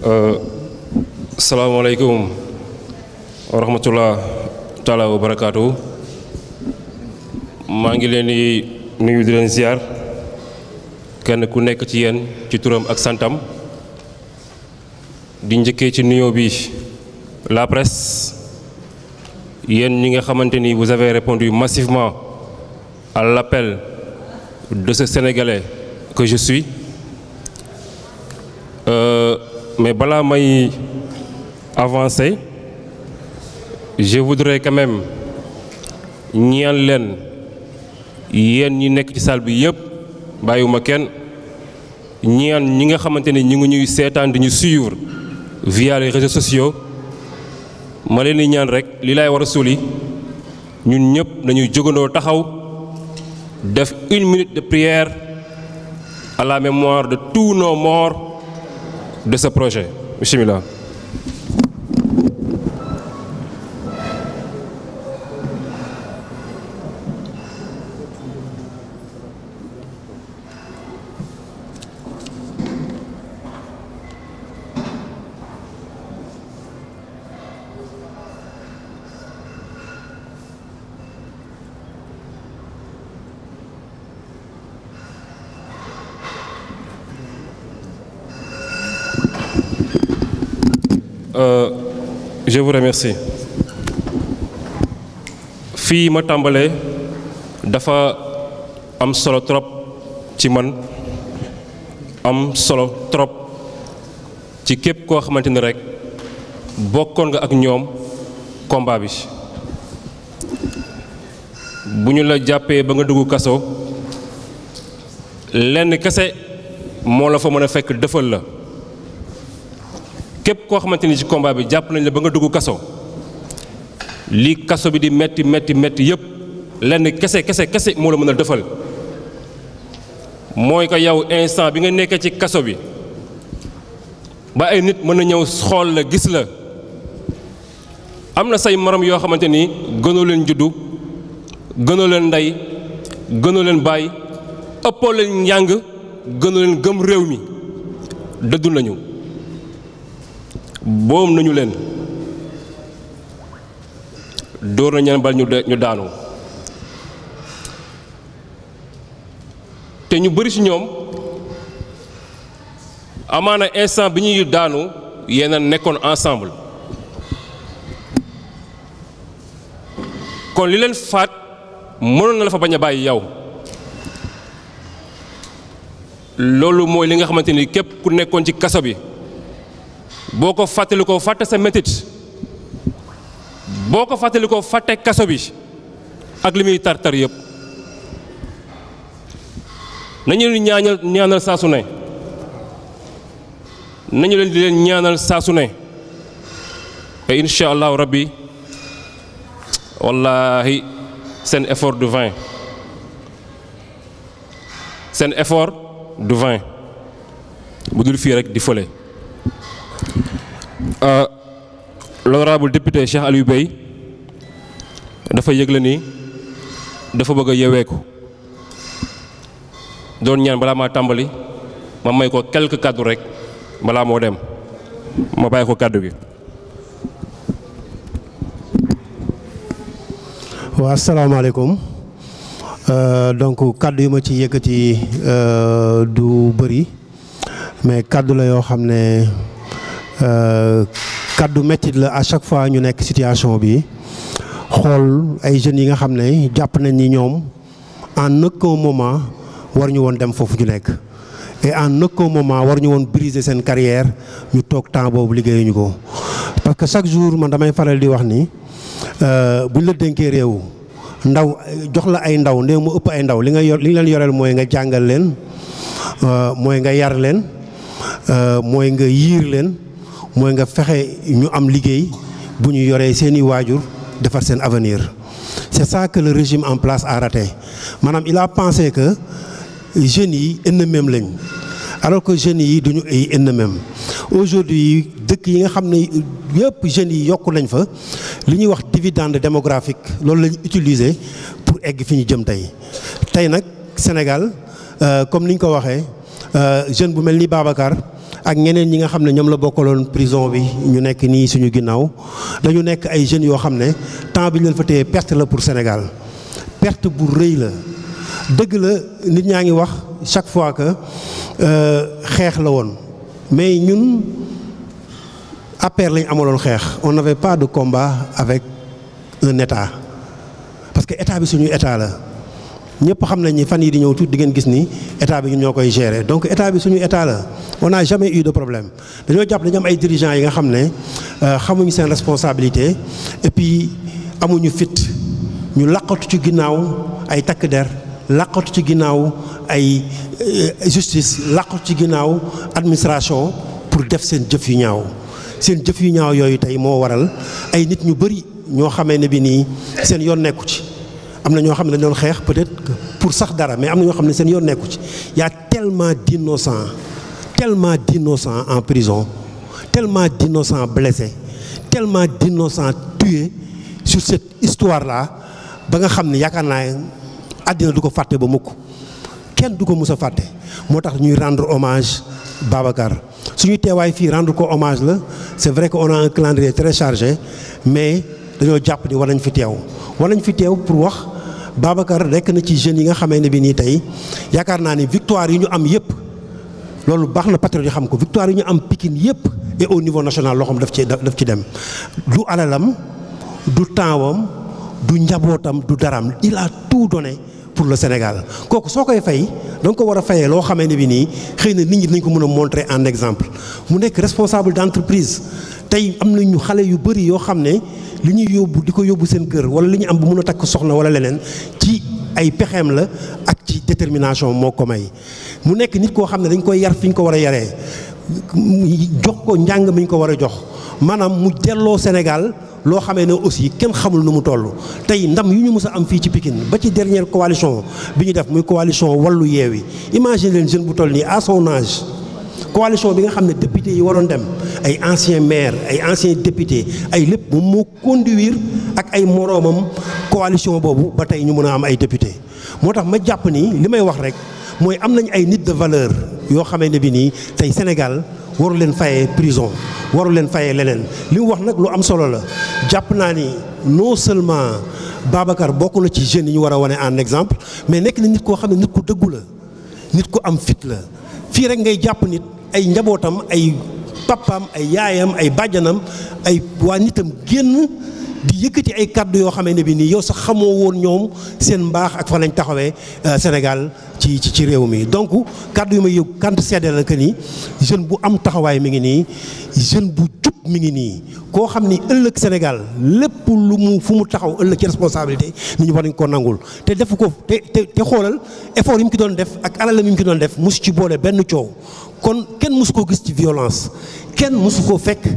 Euh, salaamaaleykum wa rahmatulah taala wa maa ngi leen di nuyu di leen ziar kenn ku nekk ci yenn ci turam ak santam di njëkkee ci nuyoo bi la presse yéen ñi nga xamante ni vous avez répondu massivement à l'appel de ce Sénégalais que je suis. Euh, mais balaa may avancer je voudrais quand même ñaan leen yéen ñi nekk ci salle bi yëpp bàyyiwuma kenn ñaan ñi nga xamante ni ñu ngi ñuy seetaan di ñu suivre via les réseaux sociaux ma leen di ñaan rek li lay war a suuli ñun ñëpp nañuy jógandoo taxaw def une minute de prière à la mémoire de tous nos morts. de ce projet bismillah remercie fii ma tàmbalee dafa am solo trop ci man am solo trop ci képp koo xamante ni rek bokkoon nga ak ñoom combat bi bu ñu la jàppee ba nga dugg kaso lenn kese moo la fa mën a fekk dëfal la képp koo xamante ni ci combat bi jàpp nañ la ba nga dugg kaso lii kaso bi di metti metti metti yëpp lenn kese kese kese moo la mën a defal mooy ko yow instant bi nga nekkee ci kaso bi ba ay nit mën na ñëw xool la gis la am na say morom yoo xamante ni gënoo leen juddu gënoo leen ndey gënoo leen bàyyi ëppoo leen njàng gënoo leen gëm réew mi dëddu nañu boom nañu leen dóor na ñeen bal ñu ñu daanu te ñu bari ci ñoom amaana instant bi ñuy daanu yéen a nekkoon ensemble kon li leen faat mënoon na la fa bañ a bàyyi yow loolu mooy li nga xamante ni képp ku nekkoon ci kaso bi boo ko fàttalikoo fàtte sa métit boo ko fàttalikoo fàtte kaso bi ak li muy tar-tar yëpp nañu leen ñaanal ñaanal ne nañu leen di leen ñaanal saa su ne te incha allahu rabbi wallahi seen effort du vin seen effort du vin bu dul fii rek di fële Euh, l'honorable député Cheikh Aliou Bey dafa yëgla ni dafa bëgg a yeweeku doon ñaan balaa maa tàmbali ma may ko quelque kàddu rek balaa moo dem ma bàyyi ko kàddu gi. waa asalaamaaleykum euh, donc kàddu yi ma ci yëkkati euh, du bëri mais kàddu la yoo xam ne. Euh, kàddu méttit la à chaque fois ñu nekk situation bi xool ay jeunes yi nga xam ne jàpp nañ nii ñoom en aucun moment war ñu woon dem foofu ñu nekk et en nëkkoo moment war ñu woon briser seen carrière ñu toog temps boobu liggéeyuñu ko parce que chaque jour man damay faral di wax ni euh, buñ la dénkee réew ndaw jox la ay ndaw ndéw mu ëpp ay ndaw li nga yor li nga leen yoreel mooy nga jàngal leen euh, mooy nga yar leen mooy nga yiir leen mooy nga fexe ñu am liggéey bu ñu yoree seeni waajur defar seen avenir c'est ça que le régime en place a raté maanaam il a pensé que jeunes yi ennemi lañ alors que jeunes yi ñu ay ennemi aujourd'hui dëkk yi nga xam ni yëpp jeunes yi yokku nañ fa li ñuy wax dividende démographique loolu la ñu utiliser pour egg fi ñu jëm tey tey nag Sénégal euh, comme ni ñu ko waxee euh, jeune bu mel ni Babacar ak ñeneen ñi nga xam ne ñoom la bokkaloon prison bi ñu nekk nii suñu ginnaaw dañu nekk ay jeunes yoo xam ne temps bi ñu leen fa téye perte la pour Sénégal perte bu réy la dëgg la nit ñaa ngi wax chaque fois que euh, xeex la woon mais ñun APR lañ amaloon xeex on n'avait pas de combat avec un parce que état bi suñu état la. ñëpp xam nañ ni fan yi di ñëw tuuti di ngeen gis ni état bi ñun ñoo koy gérer donc état bi suñu état la on n'a jamais eu de problème dañoo jàpp dañu am ay dirigeants yi nga xam ne euh, xamuñu seen responsabilité et puis amuñu fit ñu laqatu ci ginnaaw ay takk der laqatu ci ginnaaw ay euh, justice laqatu ci ginnaaw administration pour def seen jëf yu ñaaw seen jëf yu ñaaw yooyu tey moo waral ay nit ñu bëri ñoo xamee ne bi nii seen yoon nekku ci am na ñoo xam ne dañ xeex peut-être pour sax dara mais am na ñoo xam ne seen yoon nekku ci y a tellement d'innocents tellement d'innocents en prison tellement d'innocents blessés tellement d'innocents tués sur cette histoire là ba nga xam ne yaakaar naa àddina du ko fàtte ba mukk kenn du ko mus a fàtte moo tax ñuy rendre hommage Babacar suñu teewaay fii rendre ko hommage la c'est vrai que on a un calendrier très chargé mais dañoo jàpp ni war nañ fi teew war nañ fi teew pour wax Babacar nekk na ci jeunes yi nga xamee ne bi nii tey yaakaar naa ne victoire yi ñu am yëpp loolu baax na patriote yi xam ko victoire yi ñu am Pikine yëpp et au niveau national loo xam daf ci daf ci dem du alalam du tempsam du njabootam du daram il a tout donné pour le Sénégal kooku soo koy fay danga ko war a fayee loo xamee ne bi nii xëy na nit ñi nañ ko mën a montrer en exemple mu nekk responsable d'entreprise tey am ñu xale yu bëri yoo xam ne li ñuy yóbbu di ko yóbbu seen kër wala li ñu am bu mun a takk soxna wala leneen ci ay pexeem la ak ci détermination moo ko may mu nekk nit koo xam ne dañ koy yar fi ñu ko war a yaree jox ko njàng mi ñu ko war a jox maanaam mu delloo Sénégal loo xamee ne aussi kenn xamul nu mu toll tey ndam yu ñu mës a am fii ci Pikine ba ci dernière coalition bi ñu def muy coalition wallu yeewi imagine leen jeune bu toll nii à coalition bi nga xam ne député yi waroon dem ay ancien maire ay ancien député ay lépp moom moo conduire ak ay moroomam coalition boobu ba tey ñu mun a am ay député moo tax ma jàpp nii li may wax rek mooy am nañ ay nit de valeur yoo xamee ne bi nii tey Sénégal waru leen fayee prison waru leen fayee leneen li mu wax nag lu am solo la jàpp naa ni non seulement Babacar bokk na ci jeunes yi ñu war a wane en exemple mais nekk na nit koo xam ne nit ko dëggu la nit ku am fit la lii rek ngay jàpp nit ay njabootam ay pappam ay yaayam ay bàjjanam ay waa nitam génn di yëkkati ay kàddu yoo xamee ne bi nii yow sax xamoo woon ñoom seen mbaax ak fan lañ taxawee euh, Sénégal ci ci réew mi donc kàddu yu may yëg kant seede la que ni jeune bu am taxawaay mi ngi nii jeune bu jub mi ngi nii koo xam ni ëllëg Sénégal lépp lu mu fu mu taxaw ëllëg ci responsabilité nit ñu war nañ koo nangul te def ko te te te xoolal effort yi mu ki doon def ak alal yi mu ki doon def mosu ci boole benn coow kon kenn mosu koo gis ci violence kenn mosu koo fekk.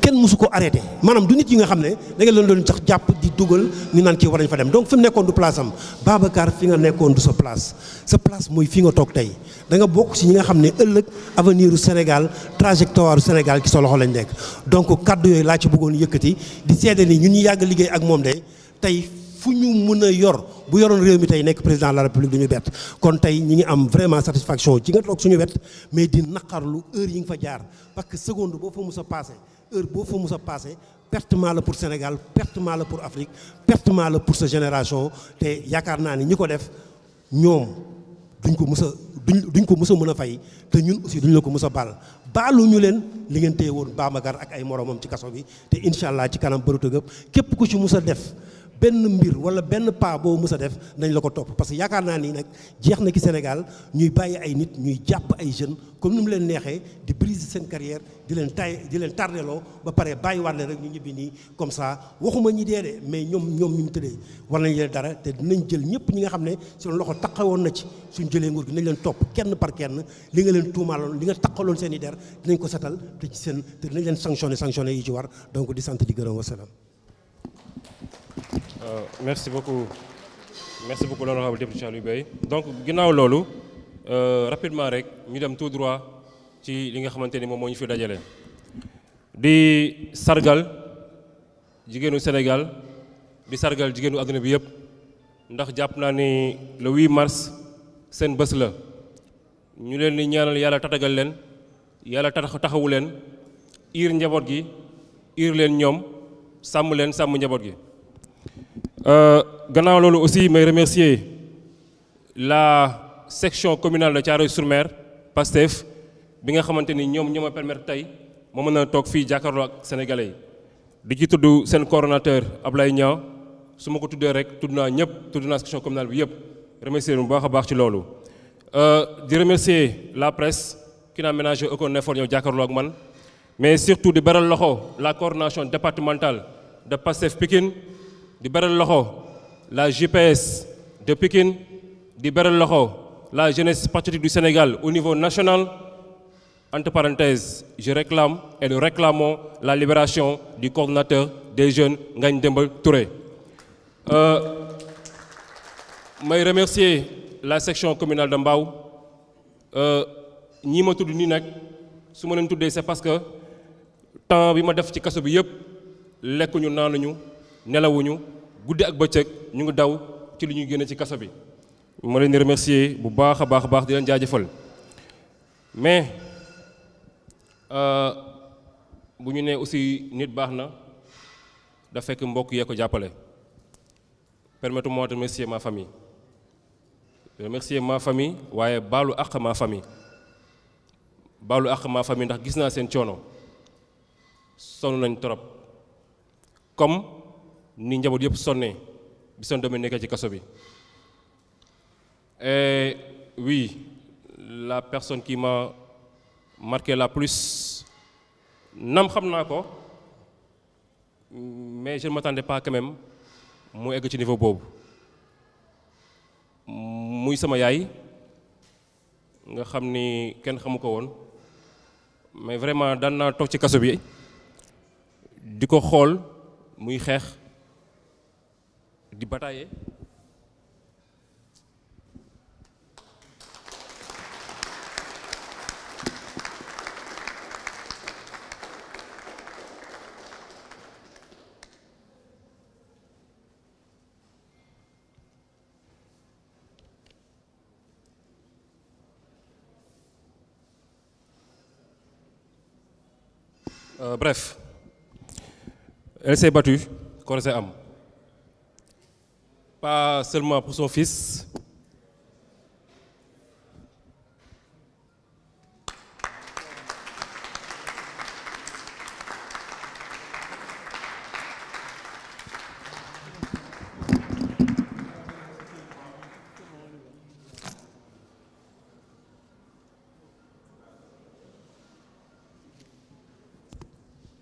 kenn mosu ko arrêté maanaam du nit yi nga xam ne da nga leen doon sax jàpp di dugal ñu naan kii war nañ fa dem donc fi mu nekkoon du place am Babacar fi nga nekkoon du sa place sa place mooy fi nga toog tey danga bokk si ñi nga xam ne ëllëg avenir u Sénégal trajectoire u Sénégal ci sa loxo lañ nekk donc kaddu yooyu laa ci bëggoon yëkkati di seede ni ñu ñu yàgg liggéey ak moom de tey fu ñu mën a yor bu yoroon réew mi tey nekk président de la république du ñu bett kon tey ñi ngi am vraiment satisfaction ci nga toog suñu wet mais di naqarlu heure yi nga fa jaar parce que seconde boo fa mus a passé heure boo fa mus a passé pertement la pour Sénégal pertement la pour Afrique pertement la pour sa génération te yaakaar naa ni ñi ko def ñoom duñ ko mus a duñ duñ ko mus a mën a fay te ñun aussi duñ la ko mus a baal baalu ñu leen li ngeen téye woon Bambacar ak ay moromam ci kaso bi te incha allah ci kanam bërutu gëpp képp ko ci mus a def. benn mbir wala benn pas boo mës a def nañ la ko topp parce que yaakaar naa ni nag jeex na ki Sénégal ñuy bàyyi ay nit ñuy jàpp ay jeunes comme ni mu leen neexee di briser seen di leen di leen tardeloo ba pare bàyyiwaat leen rek ñu ñibbi nii comme ça waxuma ñi dee de mais ñoom ñoom ñu mu tëddee war nañ leen dara te dinañ jël ñëpp ñi nga xam ne seen loxo taxawoon na ci suñ jëlee nguur gi nañ leen topp kenn par kenn li nga leen tuumaaloon li nga taxaloon seen i der dinañ ko setal te seen te dinañ leen sanctionné sanctionné yi ci war donc di sant di gërëm wasalaam Euh, merci beaucoup merci beaucoup l'honorable député Saliou donc ginnaaw loolu euh, rapidement rek ñu dem tout droit ci li nga xamante ni moom moo ñu fi dajale di sargal jigéenu Sénégal di sargal jigéenu àdduna bi yëpp ndax jàpp naa ni le 8 mars seen bës la ñu leen di ñaanal yàlla tatagal leen yàlla taxawu leen iir njaboot gi iir leen ñoom sàmm leen sàmm njaboot gi Euh, gannaaw loolu aussi may remercier la section communale de Thiaroye-sur-Mer PASTEF bi nga xamante ni ñoom ñoo ma tey ma mën a toog fii jàkkaarloo ak sénégalais di ci tudd seen coordonnateur Ablaye ñaaw su ma ko tuddee rek tudd naa ñëpp tudd naa section communale bi yëpp remercier bu baax a baax ci loolu. Euh, di remercier la presse qui n'a ménagé aucun effort ñëw ak man mais surtout di beral loxo la coordination départementale de PASTEF Pikine. di beral loxo la GPS de Pikine di beral loxo la jeunesse patriotique du Sénégal au niveau national entre parenthèses je réclame et nous réclamons la libération du coordonnateur des jeunes Ngagne Demba Touré euh, may remercier la section communale de Mbao euh, ñii ma tudd nii nag su ma leen tuddee c'est parce que temps bi ma def ci kaso bi yëpp lekkuñu naanuñu nelawuñu guddi ak bëccëg ñu ngi daw ci lu ñuy génne ci kaso bi. ma leen di remercier bu baax a baax a baax di leen jaajëfal mais euh, bu ñu nee aussi nit baax na da fekk mbokk yee ko jàppale. permettez-moi de remercier ma famille remercier ma famille waaye baalu àq ma famille baalu àq ma famille ndax gis naa seen coono sonn nañ trop comme. ni njaboot yëpp sonnee bi seen doom nekkee ci kaso bi et oui la personne qui m'a marqué la plus nam xam naa ko mais je ne m'attendais pas quand même mu egg ci niveau boobu muy sama yaay nga xam ni kenn xamu ko woon mais vraiment daan naa toog ci kaso bi di ko xool muy xeex di euh, bref, elle s'est battue, corps et pas seulement pour son fils.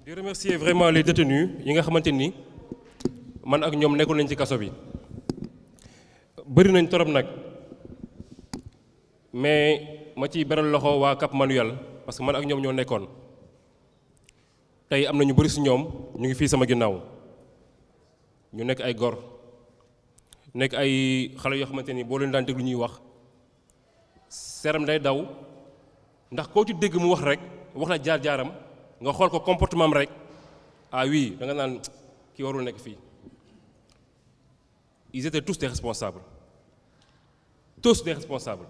di remercier vraiment les détenus yi nga xamante ni man ak ñoom nekkoon nañ ci kaso bi. bëri nañ torop nag mais ma ci beral loxo waa Cap Manuel parce que man ak ñoom ñoo nekkoon tey am na ñu bëri si ñoom ñu ngi fii sama ginnaaw ñu nekk ay gor nekk ay xale yoo xamante ni boo leen daan lu ñuy wax seram day daw ndax koo ci dégg mu wax rek wax la jaar-jaaram nga xool ko comportement rek ah oui da nga naan ki warul nekk fii ils étaient tous te responsables tous des responsables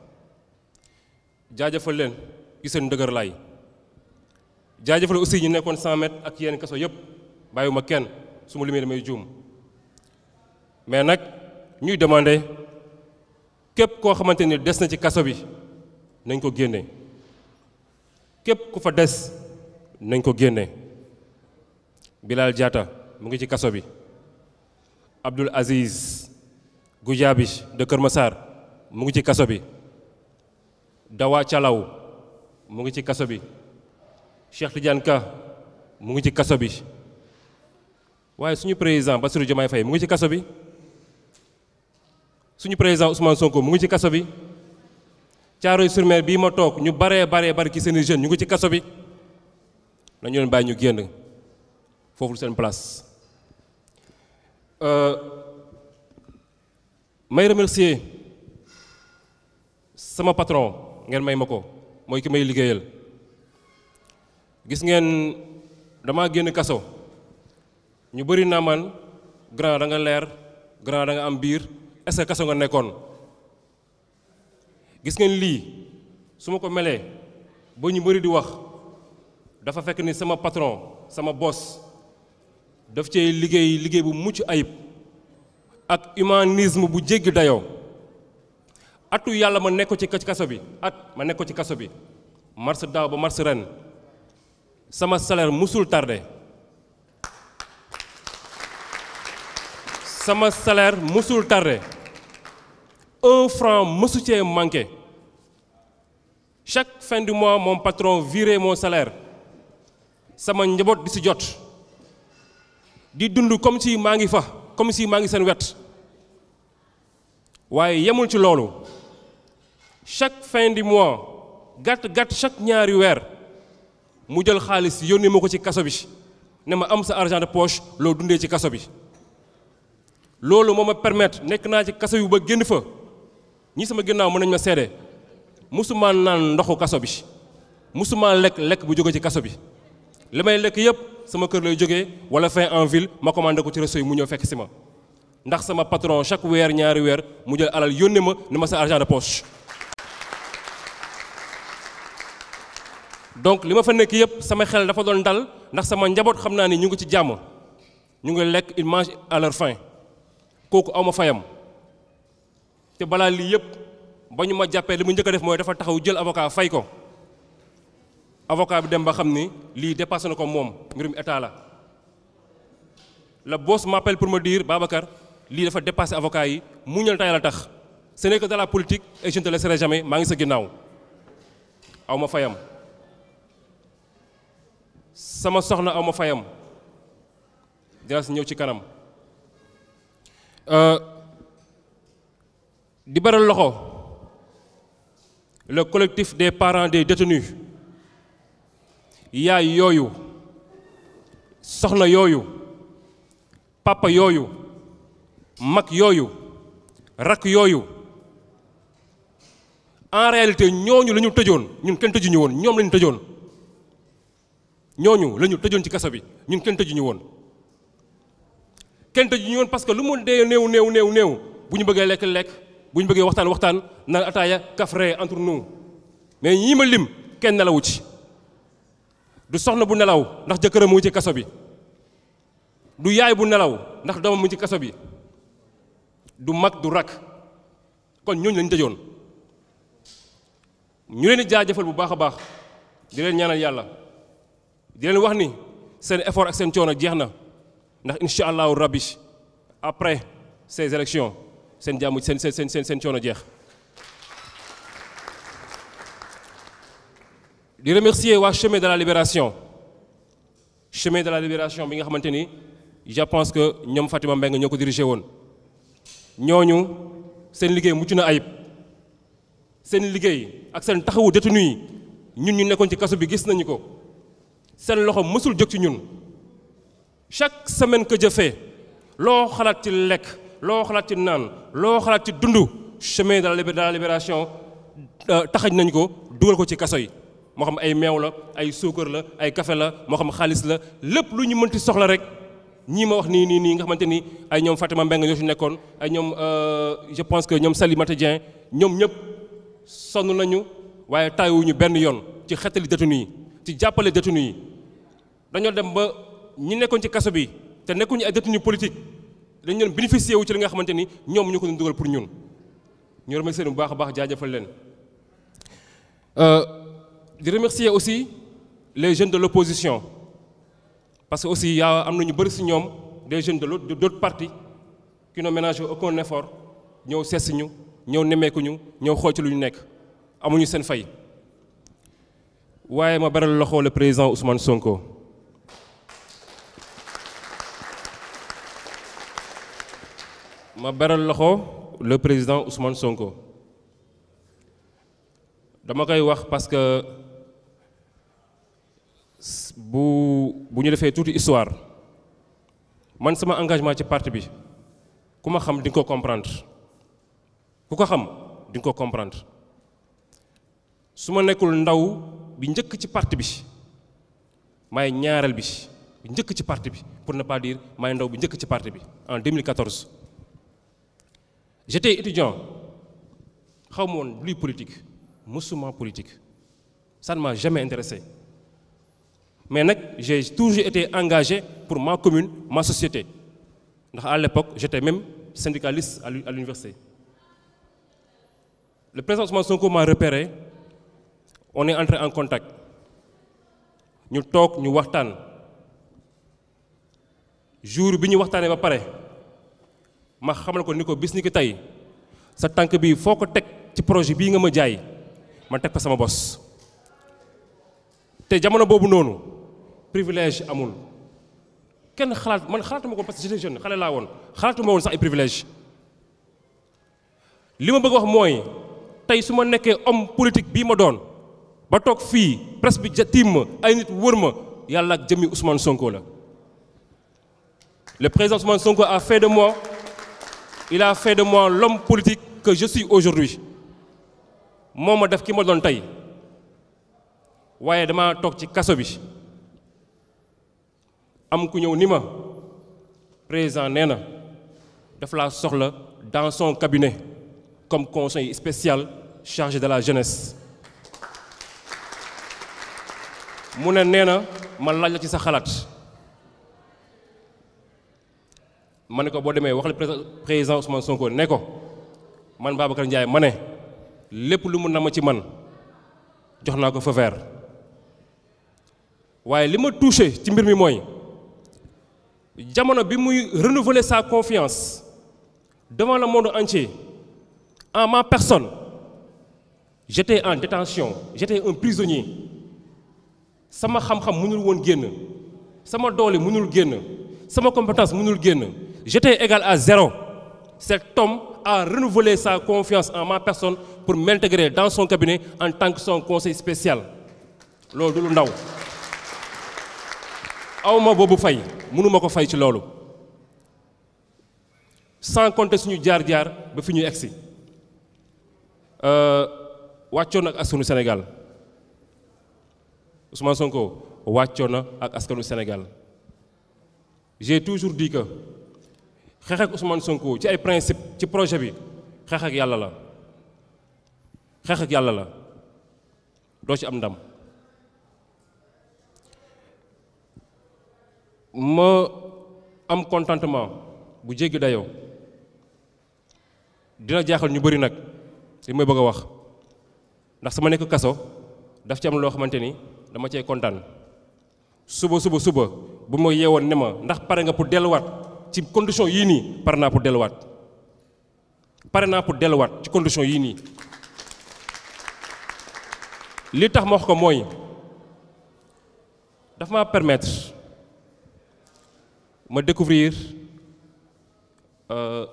jaajëfal leen ci seen dëgër laay jaajëfal aussi ñu nekkoon 100 ak yenn kaso yëpp bàyyiwuma kenn su ma limee damay juum mais nag ñuy demander képp koo xamante ni des na ci kaso bi nañ ko génne képp ku fa des nañ ko génne Bilal jaata mu ngi ci kaso bi Abdoul Aziz Goudiaby de Kër Massar mu ngi ci kaso bi Dawa Calaw mu ngi ci kaso bi Cheikh Tidiane Ka mu ngi ci kaso bi waaye suñu président Bassirou Diomaye fay mu ngi ci kaso bi suñu président Ousmane Sonko mu ngi ci kaso bi caaro sur Mer bii ma toog ñu baree baree bari ki seeni jeunes ñu ngi ci kaso bi nañu leen bàyyi ñu génn foofu seen place euh, may remercier sama patron ngeen may ma ko mooy ki may liggéeyal gis ngeen dama génn kaso ñu bëri naa man grand da nga leer grand da nga am biir est kaso nga nekkoon gis ngeen lii su ma ko melee ba ñu bari di wax dafa fekk ni sama patron sama boss daf cee liggéey liggéey bu mucc ayib ak humanisme bu jéggi dayoo atu yàlla ma nekkoo ko ci kaso bi at ma nekkoo ci kaso bi mars daaw ba mars ren sama salaire musul tardé sama salaire musul tardé un franc mësu cee manqué chaque fin du mois mon patron virait moo salaire sama njaboot di si jot di dund comme si maa ngi fa comme si maa ngi seen wet waaye yemul ci loolu chaque fin du mois gàtt-gàtt chaque ñaari weer mu jël xaalis yónnee ma ko ci kaso bi ne ma am sa argent de poche loo dundee ci kaso bi loolu moom ma permettre nekk naa ci kaso yu ba génn fa ñi sama ginnaaw mën nañ ma seede musuma naan ndoxu kaso bi musuma lekk lekk bu jóge ci kaso bi li may lekk yëpp sama kër lay jógee wala fin en ville ma commandé ko ci réseau yi mu ñëw fekk si ma ndax sama patron chaque weer ñaari weer mu jël alal yónnee ma ni ma sa argent poche donc li ma fa nekk yëpp sama xel dafa doon dal ndax sama njaboot xam naa ni ñu ngi ci jàmm ñu ngi lekk ils mangent à leur faim kooku aw ma fayam te balaa lii yëpp ba ñu ma jàppee li mu njëkk def mooy dafa taxaw jël avocat fay ko avocat bi dem ba xam ni lii dépassé na ko moom mbirum état la le boss m'appelle pour me diir Babacar lii dafa dépassé avocat yi muñal tay la tax ce n'est que de la politique et je ne te laisserai maa ngi sa ginnaaw aw ma fayam sama soxna aw ma fayam dina si ñëw ci kanam euh, di beral loxo le collectif des parents des détenus yaay yooyu soxna yooyu papa yooyu mag yooyu rakk yooyu en réalité ñooñu la ñu tëjoon ñun kenn tëjuñu woon ñoom la tëjoon ñooñu la ñu tëjoon ci kaso bi ñun kenn tëjuñu woon kenn tëjuñu woon parce que lu mu dee néew néew néew néew bu ñu bëggee lekk lekk bu ñu bëggee waxtaan waxtaan naan ataaya kafre entre nous mais ñii ma lim kenn nelawu ci du soxna bu nelaw ndax jëkkëram mu ci kaso bi du yaay bu nelaw ndax doomam mu ci kaso bi du mag du rak kon ñooñu lañu tëjoon ñu leen di jaajëfal bu baax a baax di leen ñaanal yàlla di leen wax ni seen effort ak seen coono jeex na ndax incha allahu rabbi après ces élections seen jàmm seen seen seen seen coono jeex. di remercier waa chemin de la libération chemin de la libération bi nga xamante ni je pense que ñoom Fatima nga ñoo ko dirigé woon ñooñu seen liggéey mucc na ayib seen liggéey ak seen taxawu détenu yi ñun ñu nekkoon ci kaso bi gis nañu ko. seen loxo mësul jóg ci ñun chaque semaine que je fais loo xalaat ci lekk loo xalaat ci naan loo xalaat ci dund chemin de la libération euh, taxañ nañ ko dugal ko ci kaso yi moo xam ay meew la ay suukar la ay kafe la moo xam xaalis la lépp lu ñu mënti soxla rek ñii ma wax nii nii nii nga xamante ni ay ñoom Fatima Mbengue ñoo ci nekkoon ay ñoom euh, je pense que ñoom Salimata Dieng ñoom ñëpp sonn nañu waaye taayuwuñu benn yoon ci xetali détenu yi ci jàppale détenu yi dañoo dem ba ñi nekkoon ci kaso bi te nekkuñu ay détenu politique dañu leen bénéficier wu ci li nga xamante ni ñoom ñu ko doon dugal pour ñun ñu remercier bu baax a baax jaajëfal leen euh, di remercier aussi les jeunes de l'opposition parce que aussi yaa am na ñu bëri si ñoom des jeunes de l'autre d'autres partis qui n'ont ménagé aucun effort ñëw sees ñu ñëw nemmeekuñu ñëw xool ci lu ñu nekk amuñu seen fay waaye ma baral loxo le président Ousmane Sonko. ma beral loxo le président Ousmane Sonko dama koy wax parce que bu bu ñu defee tuuti histoire man sama engagement ci parti bi ku ma xam di ko comprendre ku ko xam di ko comprendre su ma nekkul ndaw bi njëkk ci parti bi maay ñaareel bi njëkk ci parti bi pour ne pas dire maay ndaw bi njëkk ci parti bi en 2014. j'étais étudiant xaw ma woon luy politique mësuma politique ça ne m'a jamais intéressé mais nag j'ai toujours été engagé pour ma commune ma société ndax à l'époque j'étais même syndicaliste à l'université le président Ousmane Sonko m'a repéré on est entré en contact ñu toog ñu waxtaan jour bi ñu waxtaanee ba pare ma xam xamal ko ni ko bis ni ki tey sa tànk bi foo ko teg ci projet bii nga ma jaay ma teg ko sama bos te jamono boobu noonu privilège amul kenn xalaat man xalaatuma ko parce que j'étais jeune xale laa woon xalaatuma woon sax ay privilège li ma bëgg wax mooy tey su ma nekkee om politique bii ma doon ba toog fii presse bi tiim ma ay nit wër ma yàlla ak jëmmi Ousmane Sonko la le président Ousmane Sonko a de moi il a fait de moi l'homme politique que je suis aujourd'hui moo ma def ki ma doon tey waaye dama toog ci kaso bi am ku ñëw ni ma président nee na daf laa soxla dans son cabinet comme conseil spécial chargé de la jeunesse mu ne nee na ma laaj la ci sa xalaat ma ne ko boo demee wax le président Ousmane Sonko ne ko man Babacar Ndiaye ma ne lépp lu mu na ma ci man jox naa ko feu vert waaye li ma touché ci mbir mi mooy jamono bi muy renouveler sa confiance devant le monde entier en ma personne jete en détention j'étais un prisonnier sama xam-xam mënul woon génn sama doole mënul génn sama compétence mënul génn jeté égal à zéro, cet homme a renouvelé sa confiance en ma personne pour m'intégrer dans son cabinet en tant que son conseil spécial. loolu du lu ndaw awma boobu fay mënuma ko fay ci loolu sans compter suñu jaar-jaar ba fi ñuy egsi euh, wàccoon ak askanu Sénégal Ousmane Sonko wàccoon na ak askanu Sénégal j'ai toujours dit xeex ak Ousmane Sonko ci ay principe ci projet bi xeexak ak yàlla la xeex ak yàlla la doo ci am ndam ma am contentement bu jéggi dayoo dina jaaxal ñu bari nag li may bëgg a wax ndax sama nekk kaso daf ci am loo xamante ni dama cee kontaan suba suba suba bu ma yeewoon ne ma ndax pare nga pour delluwaat ci condition yii nii pare naa pour delluwaat pare naa pour delluwaat ci condition yii nii li tax ma wax ko mooy dafa ma permettre ma découvrir euh,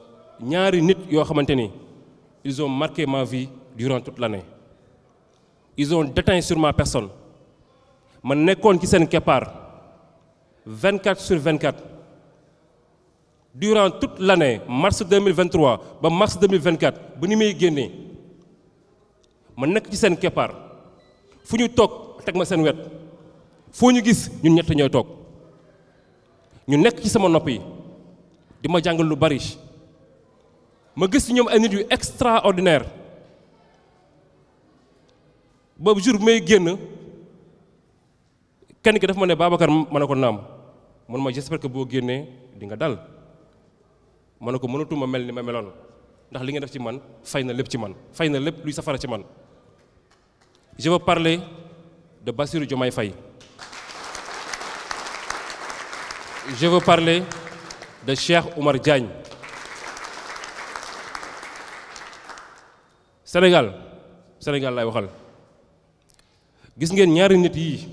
ñaari nit yoo xamante ni ils ont marqué ma vie durant toute l'année ils ont déteint sur ma ma nekkoon ci seen keppaar 24 sur 24 durant toute l'année mars 2023 ba mars 2024 ba ni may génnee ma nekk ci seen keppaar fu ñu toog teg ma seen wet foo ñu gis ñun ñett ñooy toog ñu nekk ci sama nopp yi di ma jàngal lu bari ma gis ci ñoom ay nit yu extraordinaire boobu jour bi may génn kenn ki daf ma ne Babacar ma ne ko naam man ma j'espère que boo génnee di nga dal ma ne ko mënatuma mel ni ma meloon ndax li nga def ci man fay na lépp ci man fay na lépp luy safara ci man je veux parler de Bassirou Diomaye Faye je parler de Cheikh Oumar Diagne Sénégal Sénégal laay waxal gis ngeen ñaari nit yii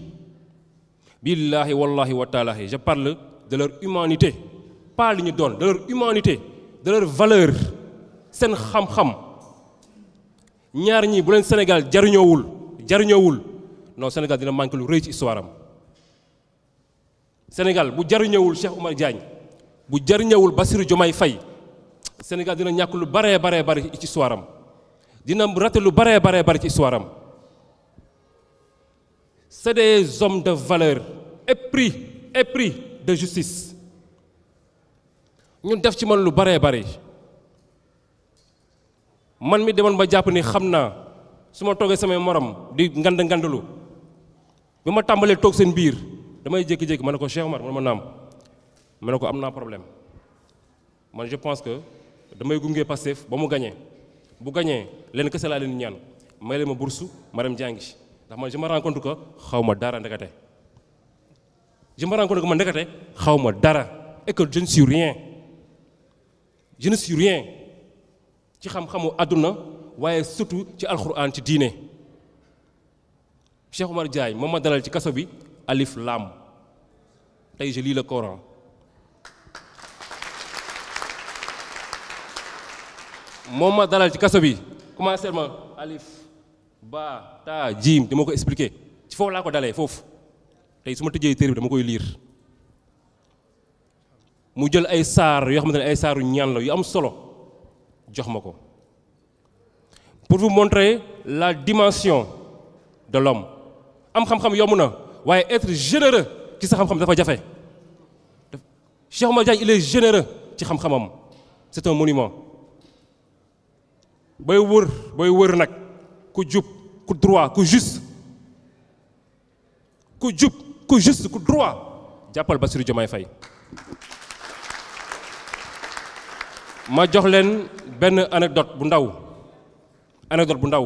billaahi wallaahi wa taalaahi je parle de leur humanité pas li ñu doon de leur humanité valeur seen xam-xam ñaar ñii bu leen Sénégal jariñoowul jariñoowul non Sénégal dina manqué lu rëy ci histoire am Sénégal bu jariñoowul Cheikh Oumar Diagne bu jariñoowul Bassirou Diomaye fay Sénégal dina ñàkk lu baree baree bari ci histoire am dina raté lu baree baree bari ci histoire am c'est des hommes de valeur épris épris de justice ñun def ci man lu baree bari man mi demoon ba jàpp ni xam naa su ma toogee samay morom di ngand ngandalu ba ma tàmbalee toog seen biir damay jékki-jékki ma ne ko Cheikh ma man ma naam ma ne ko am naa problème man je pense que damay gunge Pastef ba mu gañee bu gañe leen kese laa leen ñaan may leen ma bourse ma dem jàngi ndax man je ko rends xaw ma dara ndekete je me rends compte que ndekete xaw ma dara et que je je ne suis ci xam-xamu àdduna waaye surtout ci alxuraan ci diine Cheikh Oumar Diagne moom ma dalal ci kaso bi alif lam tey je lis le moom ma dalal ci kaso bi commencé ma alif ba ta jiim dama ko expliqué ci foofu laa ko dalee foofu tey su ma tëjee téere bi dama koy liir mu jël ay saar yoo xamante ne ay saaru ñaan la yu am solo jox ma ko pour vous montrer la dimension de l'homme am xam-xam yomb na waaye être généreux ci sa xam-xam dafa jafe Cheikh Oumar Diagne il est généreux ci xam-xamam c'est un monument booy wër booy wër nag ku jub ku droit ku juste ku jub ku juste ku droit jàppal Bassirou Diomaye Faye ma jox leen benn anecdote bu ndaw anecdote bu ndaw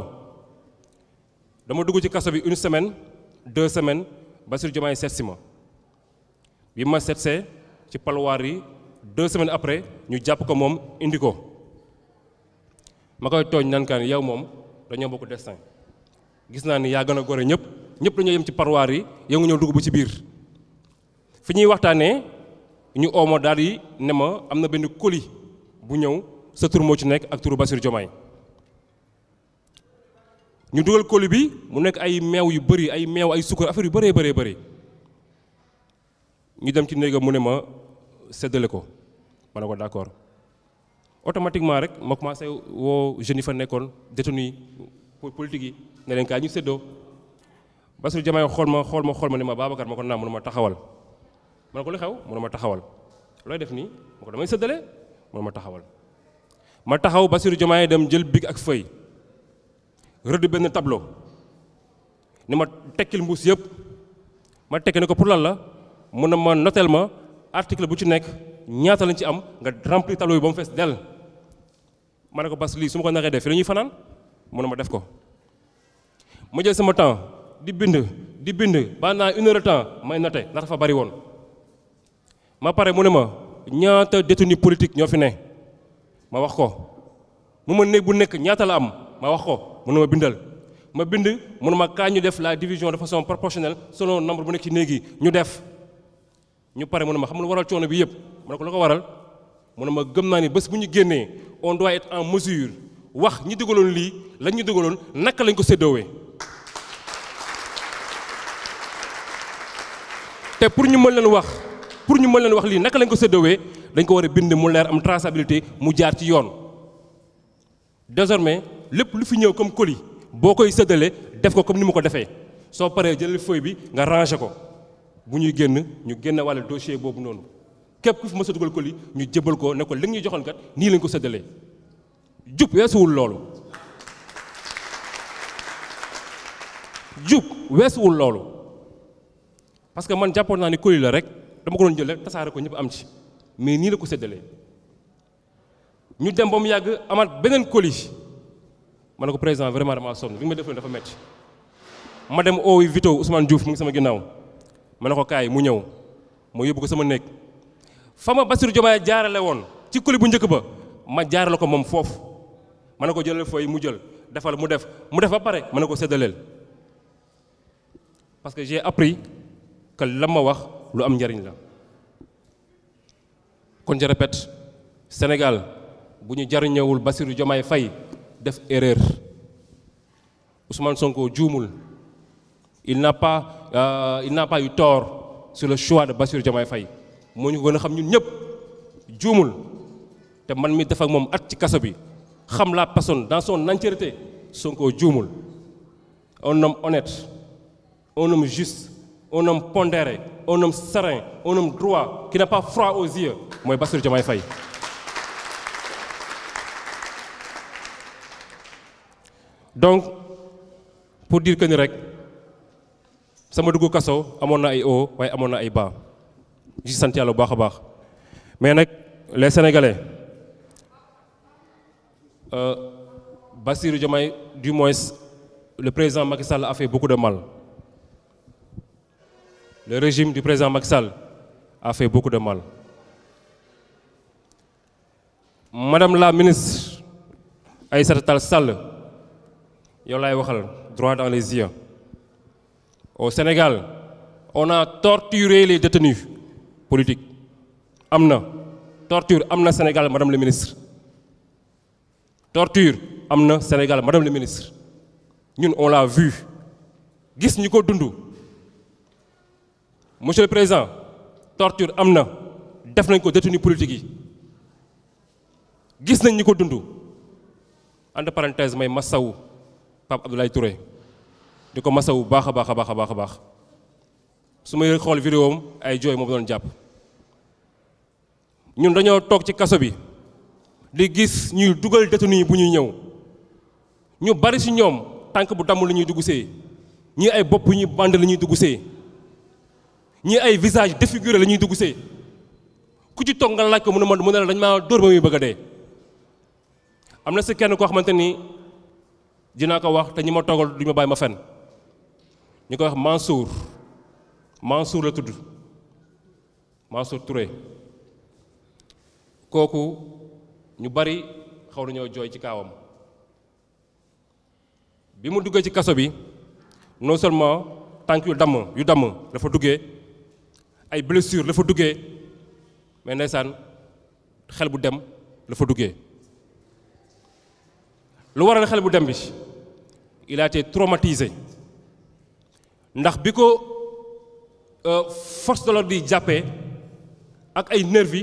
dama dugg ci kaso bi une semaine deux semaines Bassirou Diomaye seetsi ma bi ma seetse ci palwaar yi deux semaines après ñu jàpp ko moom indi ko ma koy tooñ naan kaan yow moom dañoo bokk destin gis naa ni yaa gën a gore ñëpp ñëpp dañoo yem ci parwaar yi yow nga ñëw dugg bu ci biir fi ñuy waxtaanee ñu oomo daal yi ne ma am na benn colis bu ñëw sa tur moo ci nekk ak turu Bassirou Diomaye ñu dugal koli bi mu nekk ay meew yu bëri ay meew ay sukkar affaire yu bëree bëree bëri ñu dem ci néegam mu ne ma seddale ko ma ne ko d'accord automatiquement rek ma commencé woo jeunes yi fa nekkoon détenu yi politique yi ne leen kaay ñu séddoo Bassirou Diomaye xool ma xool ma xool ma ne ma Babacar ma ko naam mu ne ma taxawal ma ne ko li xew mu ma taxawal looy def nii ma ko damay séddale moo ma taxawal ma taxaw Bassirou Diomaye dem jël big ak feuille rëdd benn tableau ni ma tekkil mbuus yëpp ma tekki ni ko pour lan la mun na ma noteel ma article bu ci nekk ñaata lañ ci am nga remplir tableau bi ba mu fees dell ma ne ko bas lii su ma ko naree def fi la ñuy fanaan mun a ma def ko ma jël sama temps di bind di bind ba naa une heure de temps may noté ndax dafa bari woon ma pare mu ne ma ñaata détenu politique ñoo fi ne ma wax ko mu ma néeg bu nekk ñaata la am ma wax ko mënu ma bindal ma bind mun ma kaa ñu def la division de façon proportionnelle selon nombre bu nekk ci néegi ñu def ñu pare mënu ma xam lu waral coono bi yëpp ma ne ko lu ko waral mënu ma gëm naa ni bés bu ñu génnee on doit être en mesure wax ñi dugaloon lii lañu ñu dugaloon naka lañ ko séddoowee te pour ñu mën leen wax pour ñu mën leen wax lii naka lañ ko séddowee dañ ko war a bind mu leer am traçabilité mu jaar ci yoon désormais lépp lu fi ñëw comme colis boo koy séddale def ko comme ni mu ko defee soo paree jëlal feuille bi nga ranger ko bu ñuy génn ñu génn wàllu dossier boobu noonu képp ku fi mës a dugal colis ñu jëbal ko ne ko li nga ñuy joxoon kat nii lañ ko séddalee jub weesuwul loolu jub weesuwul loolu parce que man jàppoon naa ne colis la rek dama ko doon jël rek tasaare ko ñëpp am ci mais nii la ko seddalee ñu dem ba mu yàgg amaat beneen colis ma ne ko président vraiment damaa sonn li nga ma def dafa metti ma dem oowi Vito Ousmane Diouf mu ngi sama ginnaaw ma ne ko kaay mu ñëw ma yóbbu ko sama néeg fa ma Bassirou Diomaye jaarale woon ci colis bu njëkk ba ma jaarale ko moom foofu ma ne ko jëlal fooy mu jël defal mu def mu def ba pare ma ne ko séddaleel parce que j'ai appris que la ma wax. lu am njariñ la kon je répète Sénégal bu ñu jariñewul Bassirou Diomaye fay def erreur Ousmane Sonko juumul il n'a pas euh, il n'a pas eu tort sur le choix de Bassirou Diomaye fay moo ñu ko gën a xam ñun ñëpp juumul te man mi def ak moom at ci kaso bi xam la personne dans son entièreté Sonko juumul un homme honnête un homme juste un homme pondéré un homme serein un homme droit qui n'a pas froid aux mooy Bassirou Diomaye Faye donc pour dire que rek sama dugg kaso amoon na ay hauts waaye amoon na ay bas di sant yàlla bu baax a baax mais nag les sénégalais euh, Bassirou Diomaye du mois le président Macky Sall a fait beaucoup de mal. le régime du président Macky Sall a fait beaucoup de mal. Madame la ministre Aïssata Tall Sall yow lay waxal droit dans les yeux au Sénégal on a torturé les détenus politiques am na torture am na Sénégal madame la ministre torture am na Sénégal madame la ministre ñun on l'a vu gis ñu ko dund monsieur président torture am na def nañ ko détenu politique yi gis nañ ñi ko dund entre parenthèse may masawu Pape Abdoulaye Touré di ko masawu baax a baax a baax a baax a baax su may xool vidéo am ay jooy moom doon jàpp ñun dañoo toog ci kaso bi di gis ñuy dugal détenu yi bu ñuy ñëw ñu bari si ñoom tànk bu damm la ñuy dugg see ñii ay bopp ñu band la lañuy duggu see ñii ay visage défiguré la ñuy dugg see ku ci toog nga laaj ko mu ne man mu ne la dañ maa dóor ba muy bëgg a dee am na si kenn koo xamante ni dinaa ko wax te ñi ma toogal duñu ma bàyyi ma fen ñu koy wax Mansour Mansour la tudd Mansour Touré kooku ñu bari xaw nañoo jooy ci kaawam bi mu duggee ci kaso bi non seulement tànk yu damm yu damm dafa duggee ay blessure la fa duggee mais ndeysaan xel bu dem la fa duggee lu waral xel bu dem bi il a été ndax bi ko euh, force de di jàppee ak ay nervi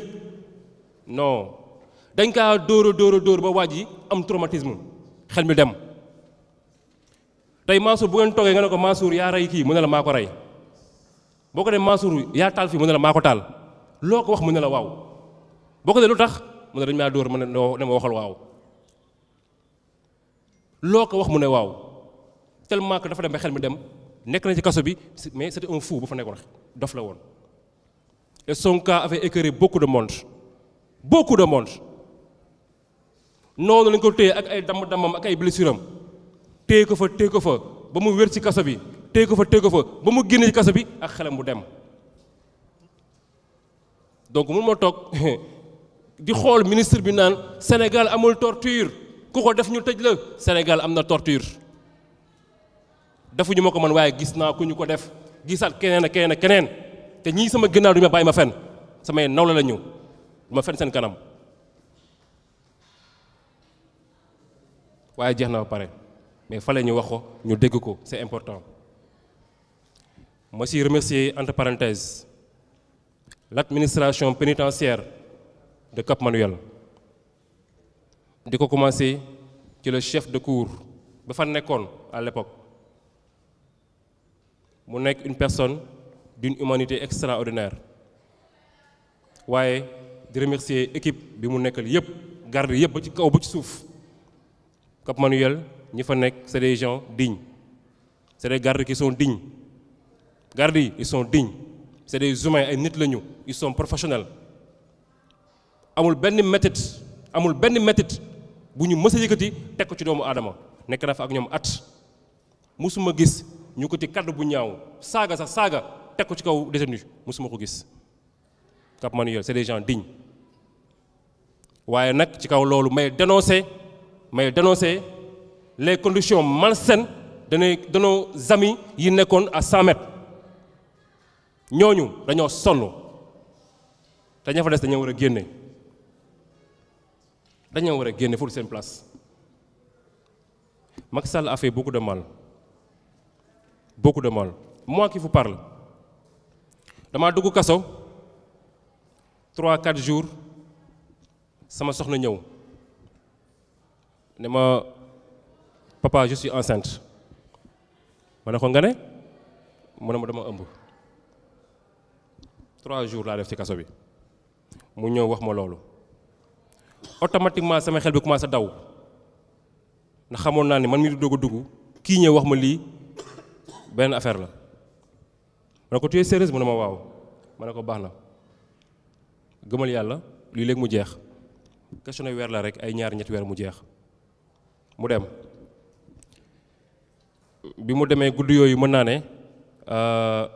non dañ kaa dóora dóora dóor ba waaj yi am traumatisme xel mi dem tey Mansour bu ngeen toogee nga ne ko Mansour yaa rey kii mu ne la maa ko rey boo ko ne Mansour yaa taal fii mu ne la maa ko taal loo ko wax mu ne la waaw boo ko ne lu tax mu ne dañu maa dóor ma ne ma waxal waaw loo ko wax mu ne waaw tellement dafa dem ba xel mi dem nekk na ci kaso bi mais c'était un fou bu fa nekkoon dof la woon son cas avait écœuré beaucoup de monde beaucoup de monde noonu lañ ko téye ak ay damb dammam ak ay blessuram téye ko fa téye ko fa ba mu wér ci kaso bi téye ko fa téye ko fa ba mu génnee kaso bi ak xelam bu dem donc mun ma toog di xool ministre bi naan Sénégal amul torture ku ko def ñu tëj la Sénégal am na torture defuñu ma ko man waaye gis naa ku ñu ko def gisaat keneen ak keneen ak keneen te ñii sama ginnaaw du ma bàyyi ma fen samay nawle la ñu ma fen seen kanam waaye jeex na ba pare mais fale ñu wax ko ñu dégg ko c'est important ma ciy remercier entre parenthèses l'administration pénitentiaire de Cap Manuel di ko commencé ci le chef de cour ba fa nekkoon à l'époque mu nekk une personne d'une humanité extraordinaire waaye di remercier équipe bi mu nekkal yépp garde yépp ba ci kaw ba ci suuf Cap Manuel ñi fa nekk c'est des gens dignes c'est des gardes qui sont dignes garde yi ils sont dignes c'est des humains ay nit lañu ils sont professionnels amul benn métit amul benn métit bu ñu mës a yëkkati teg ci doomu aadama nekk na fa ak ñoom at musuma gis ñu ko ci kaddu bu ñaaw saaga sax saaga teg ci kaw détenu musuma ko gis Cap Manuel c'est des gens dignes waaye nag ci kaw loolu may dénoncer may dénoncer les conditions malsaines de nos amis yi nekkoon à 100 ñooñu dañoo sonn te ña fa des dañoo war a génne dañoo war a génne ful seen place Macky Sall a fait beaucoup de mal beaucoup de mal moi qui vous parle damaa dugg kaso trois quatre jours sama soxna ñëw ne ma papa je suis enceinte ma ko nga ne mu ne dama ëmb. trois jours laa def ci kaso bi mu ñëw wax ma loolu automatiquement sama xel bi commencé daw ndax xamoon naa ne man mi di dugg dugg kii ñëw wax ma lii benn affaire la ma ne ko tu es mu ne ma waaw ma ne ko baax na gëmal yàlla lii léegi mu jeex question weer la rek ay ñaar ñetti weer mu jeex mu dem bi mu demee gudd yooyu mën naa ne euh,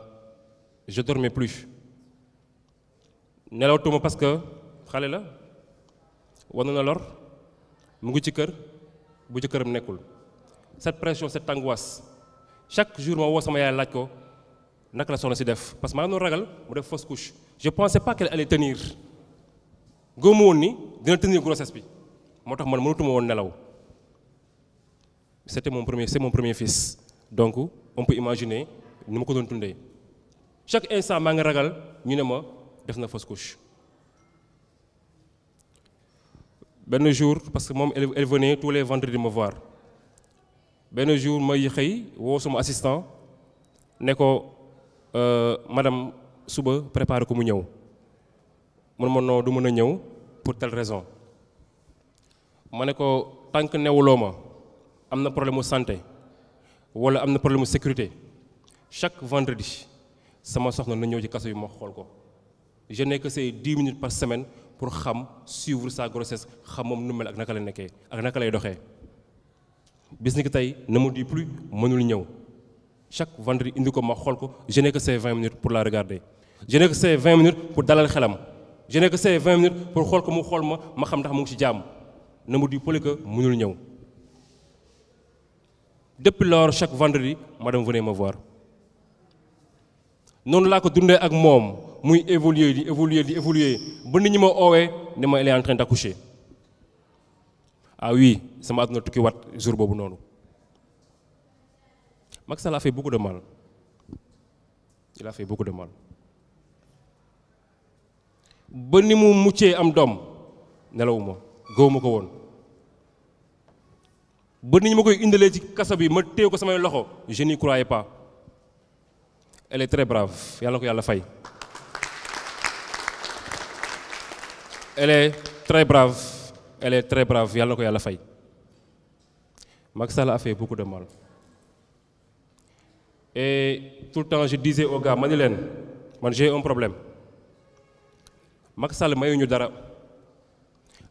je dormais plus nelawtuma parce que xale la wane na lor mu ngi ci kër bu ci këram nekkul cette pression cette angoisse chaque jour ma woo sama yaay laaj ko naka la soxna si def parce que maa ngi doon ragal mu def fausse couche je pensais pas qu'elle allait tenir góomu woon ni dina tenir grossesse bi moo tax man mënatuma woon nelaw c'était moom premier c'est mon premier fils donc on peut imaginer ni ma ko doon tundee chaque instant maa ngi ragal ñu ne ma def na fausse couche benn jour parce que moom elle venait tous les vendredis me voir benn jour may xëy woo suma assistant ne ko euh, madame suba préparé ko mu ñëw mun ma noo du mën a ñëw pour telle raison ma ne ko tant newuloo ma am na problème mu santé wala am na problème mu sécurité chaque vendredi sama soxna na ñëw ci kaso bi ma xool ko je n'ai que ces dix minutes par semaine pour xam suivre sa grossesse xam moom nu mel ak naka la nekkee ak naka lay doxee bis ni ki tey na me dis plus mënul ñëw chaque vendredi indi ko ma xool ko je n'ai que ces vingt minutes pour la regarder je n'ai que ces vingt minutes pour dalal xelam je que ces vingt minutes pour xool ko mu xool ma ma xam ndax mu ngi ci jàmm na me dis plus que mënul ñëw depuis lors chaque vendredi madame venez me voir noonu laa ko dundee ak moom muy évoluer di évoluer di évoluer ba nit ñi ma oowee ne ma elle est en train d'accoucher ah oui sama àdduna tukki wat jour boobu noonu Macky Sall a fait beaucoup de mal il a fait ba ni mu muccee am doom nelawuma gëwuma ko woon ba nit ñi ma koy indalee ci kaso bi ma téye ko samay loxo je n'y croyais pas elle est très brave yàlla ko yàlla fay elle est très brave elle est très brave yàlla na ko yàlla fay Macky Sall a fait beaucoup de mal et tout le temps je disais aux gars leen man j'ai un problème Macky Sall mayuñu dara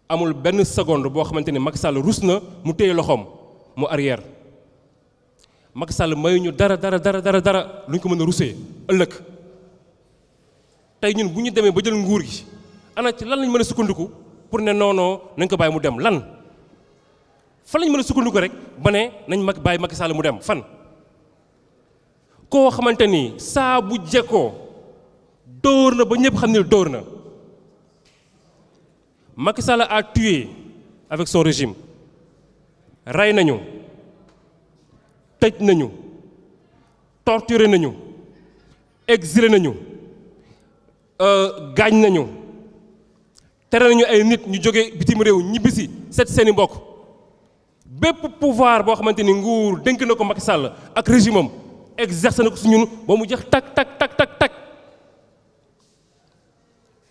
amul benn seconde boo xamante ni Macky Sall rus na mu téye loxoom mu arrière Macky Sall ñu dara dara dara dara dara lu ñu ko mën a rusee ëllëg tey ñun bu ñu demee ba jël nguur gi. ana ci lan lañ mën a sukkandiku pour ne noonoo non nañ ko bàyyi mu dem lan fan lañ mën a sukkandiku rek ba ne nañ mag bàyyi Macky Sall mu dem fan. koo xamante ni saa bu jekkoo dóor na ba ñëpp xam ne dóor na Macky Sall a tué avec son régime rey nañu tëj nañu torturé nañu exilé nañu euh, gaañ nañu. tere nañu ay nit ñu jóge bitim réew ñibbisi set seeni mbokk bépp pouvoir boo xamante ni nguur dénk na ko Macky Sall ak régime am na ko su ñun ba mu jeex tak tak tak tak tak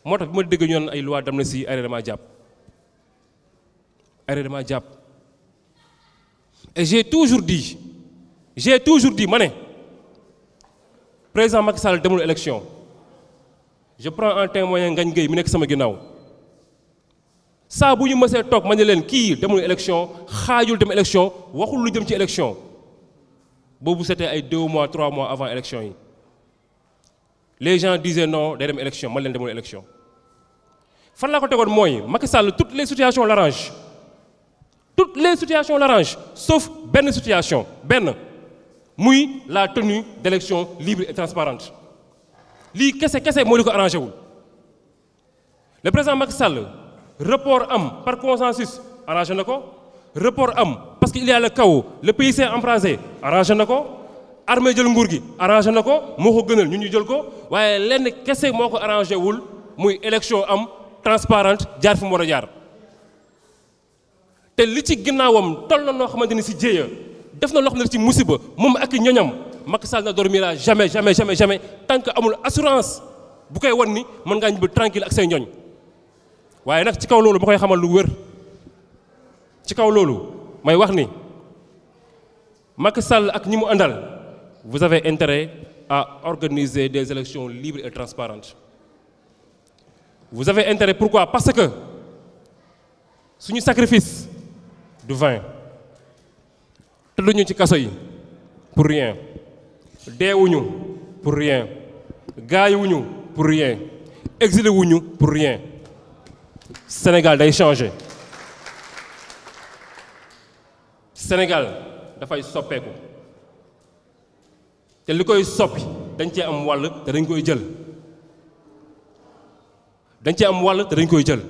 moo tax bi ma dégg ñu naan ay si d'amnistie arrêté dama jàpp arrêté dama jàpp et j'ai toujours dit j'ai toujours di ma ne président Macky Sall demul élection je prends en témoin ngañ Gueye mi nekk sama ginnaaw saa bu ñu mësee toog ma ne leen kii demul élection xaajul dem élection waxul lu jëm ci élection boobu c'était ay deux mois trois mois avant élection yi les gens disaient non day dem élection man leen demul élection fan laa ko tegoon mooy Macky Sall toutes les situation l'arrangent toutes les situations l'arrangent sauf benn situation benn muy la tenue d'élections libres et transparentes lii kese kese moo di ko arrangé wul le président Macky Sall report am par consensus arrangé na ko report am parce que il y a le chaos le pays s'est embrasé arrangé na ko armée jël nguur gi arrangé na ko moo ko gënal ñu ñu jël ko waaye lenn kese moo ko arrangé wul muy élection am transparente jaar fi mu war a jaar te li ci ginnaawam toll na noo xamante ni si jéeya def na loo xam ne ci musiba moom ak ñoñam Macky Sall na dormira jamais jamais jamais jamais tant que amul assurance bu koy wan ni mën ngaa ñibbi tranquille ak say ñoñ waaye nag ci kaw loolu ba koy xamal lu wër ci kaw loolu may wax ni Macky Sall ak ñi mu àndal vous avez intérêt à organiser des élections libre et transparentes vous avez intérêt pourquoi parce que suñu sacrifice du vin ñu ci kaso yi pour rien deewuñu pour rien gaayuwuñu pour rien exilé wuñu pour rien Sénégal day changer Sénégal dafay soppeeku te li koy soppi dañ cee am wàll te dañ koy jël dañ cee am wàll te dañ koy jël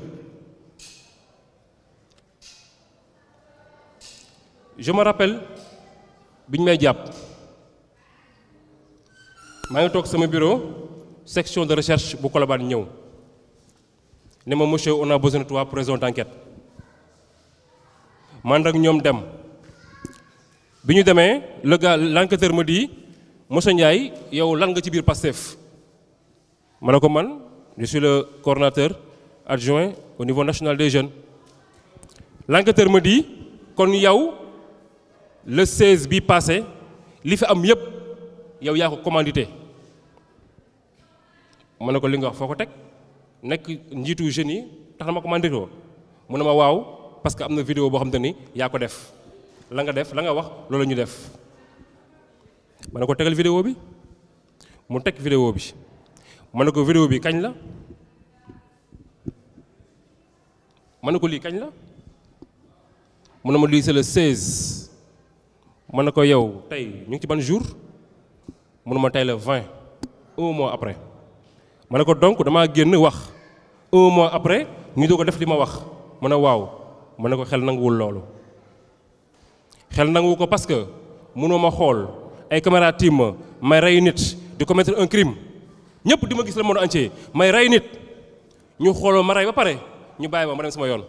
je me rappelle bi ñu may jàpp maa ngi toog sama bureau section de recherche bu Colobane ñëw ne ma monsieur on a besoin de toi présent enquête man ak ñoom dem bi ñu demee le gars l'enquêteur ma di yow lan nga ci biir Pastef ma ne ko man je suis le coordonnateur adjoint au niveau national des jeunes l'enquêteur ma kon yow le 16 bi passé li fi am yépp yow yaa ko commandité ma ne ko li nga wax foo ko teg nekk njiitu jeunes yi tax na ma ko mandatoo mun ne ma waaw parce que am na vidéo boo xam te ni yaa ko def la nga def la nga wax loolu ñu def ma ne ko tegal vidéo bi mu teg vidéo bi ma ne ko vidéo bi kañ la ma ne ko lii kañ la mu ne ma lii c'est le 16 ma ne ko yow tey ñu ngi ci ban jour mu ne ma tey le 20 un mois après ma ne ko donc damaa génn wax un mois après ñu doo ko def li ma wax ma ne waaw ma ne ko xel nanguwul loolu xel nanguwu ko parce que mënoo ma xool ay caméra tiim ma may rey nit di commettre un crime ñëpp di ma gis la monde entier may rey nit ñu xooloo ma rey ba pare ñu bàyyi ma ma dem sama yoon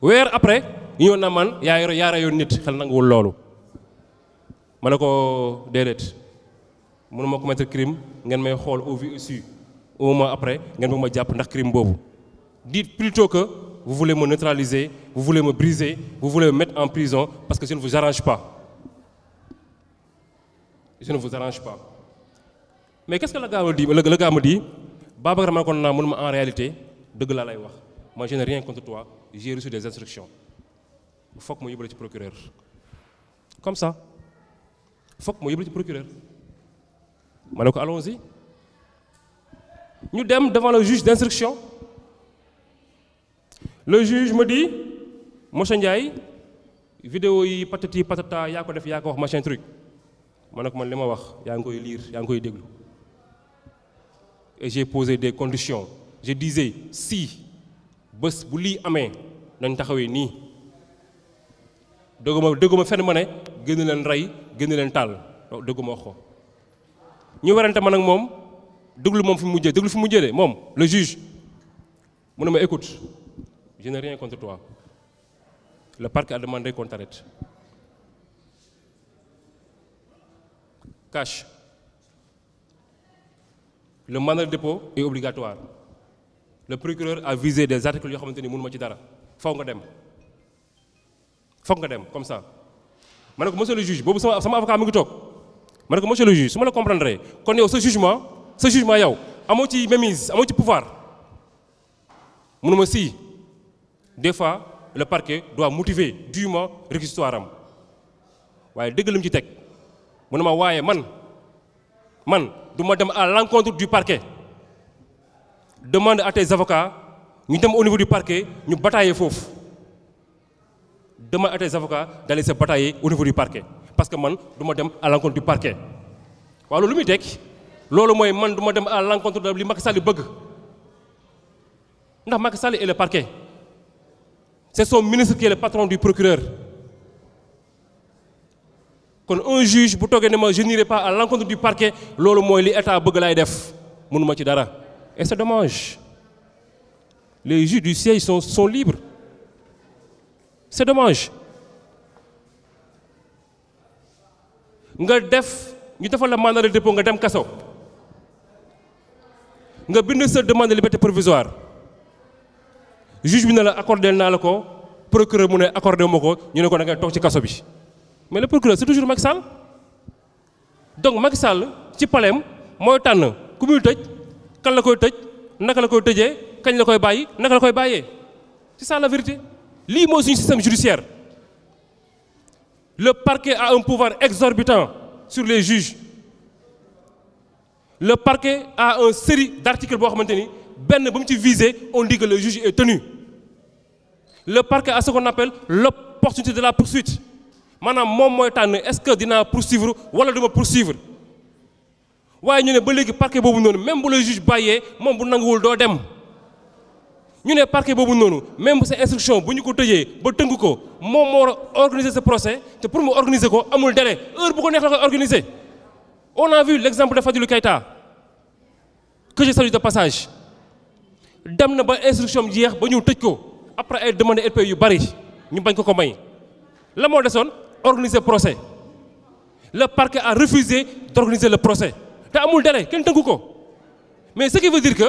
weer après ñëw na man yaa yor yaa yoon nit xel nanguwul loolu ma ne ko déedéet mënuma commettre crime ngeen may xool au vi au si au mois après ngeen bëgg ma jàpp ndax crime boobu Dites plutôt que vous voulez me neutraliser, vous voulez me briser, vous voulez me mettre en prison parce que je ne vous arrange pas. Je ne vous arrange pas. Mais qu'est-ce que le gars me dit Le, gars me dit Babacar Makonna, en réalité, dëgg la lay wax. Moi, je n'ai rien contre toi. J'ai reçu des instructions. Il faut que je me procureur. Comme ça. Il faut que je me procureur. Je allons-y. Nous sommes devant le juge d'instruction. le juge ma dit monsieur Ndiaye vidéo yi patati patata yaa ko def yaa ko wax ma truc man nag man li ma wax yaa ngi koy liir yaa ngi koy déglu et j'ai posé des conditions je dise si bés bu lii amee nañ taxawee nii dëgguma dëgguma fenn ma ne gën leen rey gën leen taal dégguma wax ko ñu werante man nag moom déglu moom fi mu mujjee déglu fi mu mujjee de moom le juge mu ne ma écoute je contre toi le parquet a demandé qu'on t'arrête cash le mandat de dépôt est obligatoire le procureur a visé des articles yoo xamante ni mënuma ci dara faw nga dem faw nga dem comme ça ma ne ko monsieur le juge boobu sama sama avocat mu ngi toog ma ne ko monsieur le juge suma la comprendre kon yow sa jugement sa jugement yow amoo ci mainmise amoo ci pouvoir mënuma si des fois le parquet doit motiver dûment réquisitoire am waaye dëgg lu ci teg mu ne ma waaye man man duma dem à l'encontre du parquet demande at tes avocats ñu dem au niveau du parquet ñu batailler foofu demande à tes dal d'aller sa batailler au niveau du parquet parce que man du ma dem à l'encontre du parquet waaw loolu lu muy teg loolu mooy man du ma dem à l'encontre de li Macky Sall bëgg ndax Macky Sall et le parquet C'est son ministre qui est le patron du procureur. kon un juge bu toogee ne ma je n'irai pas à l'encontre du parquet loolu mooy li état bëgg laay def mënuma ci dara et c'est dommage les juges du siège sont sont libres c'est dommage nga def ñu defal la mandat de dépôt nga dem kaso nga bind sa demande de liberté provisoire juge bi na la accordé naa la ko procureur mu ne accordé ma ko ñu ne ko da ngay toog ci kaso bi mais le procureur c'est toujours Macky Sall donc Macky Sall ci paleem mooy tànn ku muy tëj kan la koy tëj naka la koy tëjee kañ la koy bàyyi naka la koy bàyyee ci ça la vérité lii mooy suñu système judiciaire le parquet a un pouvoir exorbitant sur les juges le parquet a un série d'articles boo xamante ni benn ba mu ci visé on dit que le juge est tenu le parquet a ce qu'on appelle l'opportunité de la poursuite maanaam moom mooy tànn est-ce que dinaa poursuivre wala duma poursuivre waaye ñu ne ba léegi parquet boobu noonu même bu la juge bàyyee moom bu nanguwul doo dem ñu ne parquet boobu noonu même bu sa instruction bu ñu ko tëjee ba tënk ko moom moo war a organiser ce procès te pour mu organiser ko amul délai heure bu ko neex la koy organiser on a vu l'exemple de Fadilou Keïta que je salue de passage dem na ba instruction jeex ba ñu tëj ko. après ay demande RP yu bari ñu bañ ko ko may la moo desoon organiser procès le parquet a refusé d'organiser la procès te amul délai kenn tënku ko mais ce qui veut dire que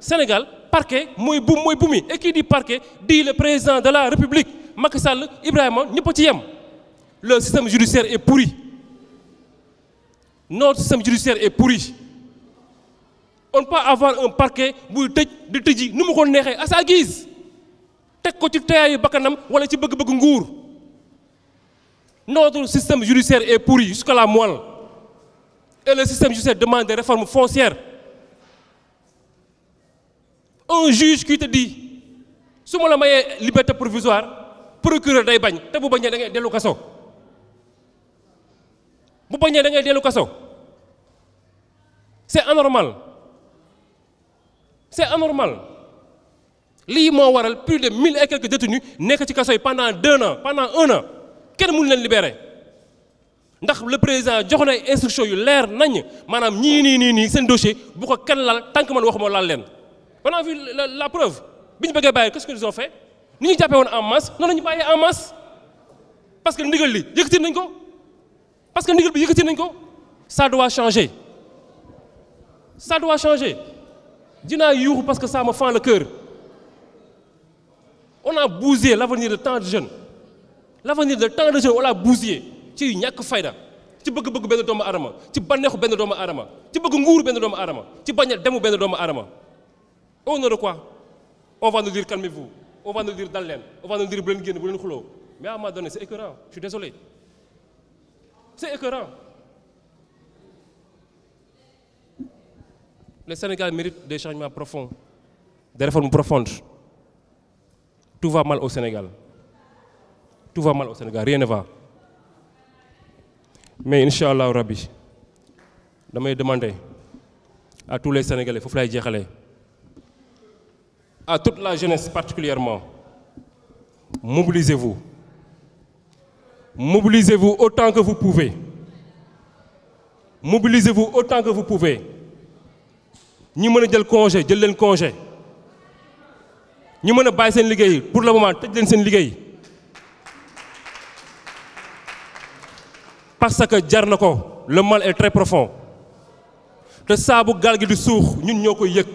Sénégal parquet mooy bu mooy bu mi et qui dit parquet dit le président de la République Macky Sall Ibrahima ñëpp a ci yem le système judiciaire et pourri notre système judiciaire est pourri on ne peut pas avoir un parquet buy tëj di tëji nu mu ko neexee à sa teg ko ci teeyaayu bakkanam wala ci bëgg-bëgg nguur notre système judiciaire est pourri jusqu'à la moelle et le système judiciaire demande des réformes foncières un juge qui te dit su ma la mayee liberté provisoire procureur day bañ te bu bañee da ngay dellu kaso bu bañee da ngay dellu kaso c'est anormal c'est anormal lii moo waral plus de mille et quelques nekk ci kaso yi pendant deux ans pendant un an kenn mënu leen libéré ndax le président jox na instruction yu leer nañ maanaam ñii nii nii nii seen dossier bu ko kenn laal tant ma man waxuma laal leen. on a vu la preuve bi ñu bëggee bàyyi qu'est-ce qu'ils ont fait ni ñu jàppee woon en masse noonu la ñu bàyyee en masse parce que ndigal li yëkkati nañ ko parce que ndigal bi yëkkati nañ ko ça doit changer ça doit changer dinaa yuuxu parce que ça me fend le cœur. on a bousillé l'avenir de tant de jeunes l'avenir de tant de jeunes on l'a bousillé ci ñàkk fayda ci bëgg-bëgg benn doomu aadama ci bànneexu benn doomu aadama ci bëgg nguuru benn doomu aadama ci bañ a demu benn doomu aadama au nom de quoi on va nous dire calmez-vous on va nous dire dal leen on va nous dire bu leen génn bu leen xuloo mais à un c'est écœurant c'est écœurant le Sénégal mérite des changements profonds des réformes profondes tout va mal au Sénégal tout va mal au Sénégal rien ne va mais incha allahu rabbi damay demander à tous les Sénégalais foofu lay jeexale à toute la jeunesse particulièrement mobilisez-vous mobilisez-vous autant que vous pouvez mobilisez-vous autant que vous pouvez ñi mën a jël congé jël leen congé ñu mën a bàyyi seen liggéey pour le moment tëj leen seen liggéey parce que jar na ko le mal est très profond te saabu bu gaal gi di suux ñun ñoo koy yëg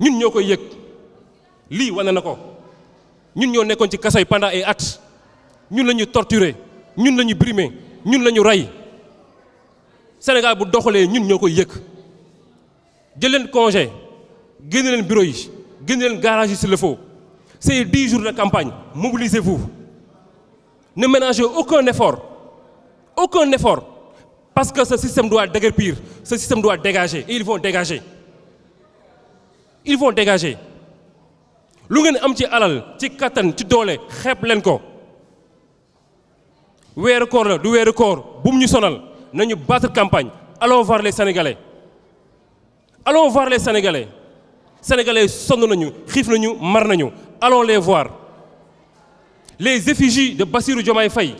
ñun ñoo koy yëg lii wane na ko ñun ñoo nekkoon ci kaso yi pendant ay at ñun la ñu torturé ñun la ñu ñun la ñu rey Sénégal bu doxalee ñun ñoo koy yëg jël leen congé génn leen bureau yi gën leen garage s'il le faut c'est dix jours de campagne mobilisez-vous ne ménagez aucun effort aucun effort parce que ce système doit déguerpir ce système doit dégager et ils vont dégager ils vont dégager lu ngeen am ci alal ci kattan ci doole xeeb leen ko weeru koor la du weeru koor bu mu ñu sonal nañu battre campagne allons voir les sénégalais allons voir les sénégalais sénégalais sonn nañu xiif nañu mar nañu allons les voir les effigies de bassiru Diomaye fay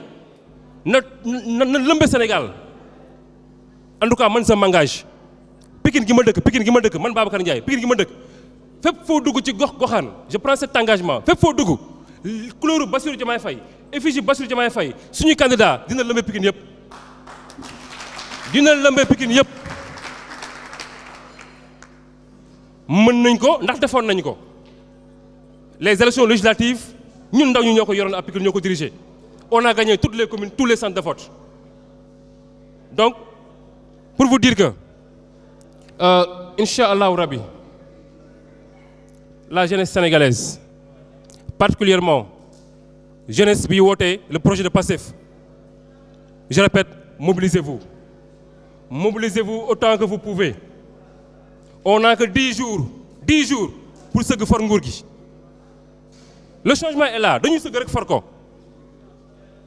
na na na lëmbe Sénégal en tout cas man sa mangage Pikine gi ma dëkk Pikine gi ma dëkk man Babacar Ndiaye Pikine gi ma dëkk fépp foo dugg ci gox goxaan je prends cet engagement fépp foo dugg couleuru Bassirou Diomaye fay effigie Bassirou Diomaye Faye suñu candidat dina lëmbe Pikine yëpp dina lëmbe Pikine yëpp mën nañ ko ndax defoon nañ ko les élections législatives ñun ndaw ñu ñoo ko yoroon appliqué ñoo ko dirigé on a gagné les communes tous les centres de donc pour vous dire que euh, incha allahu rabbi la jeunesse sénégalaise particulièrement jeunesse bi wootee le projet de PASTEF je répète mobilisez-vous mobilisez-vous autant que vous pouvez on n'a que dix jours dix jours pour sëgg for nguur gi le changement est là dañuy sëgg rek for ko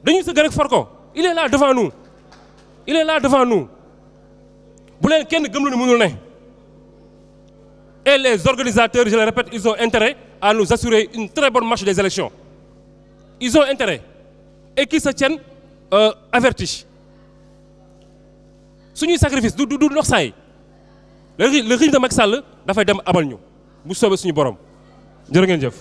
dañuy sëgg rek for ko il est là devant nous il est là devant nous bu leen kenn gëm lu ne mënul et les organisateurs je le répète ils ont intérêt à nous assurer une très bonne marche des élections ils ont intérêt et qu'ils se tiennent euh, avertis suñuy sacrifice du du du ndox saay le régime de Macky Sall dafay dem abal ñu bu soobe suñu borom jërë ngeen jëf.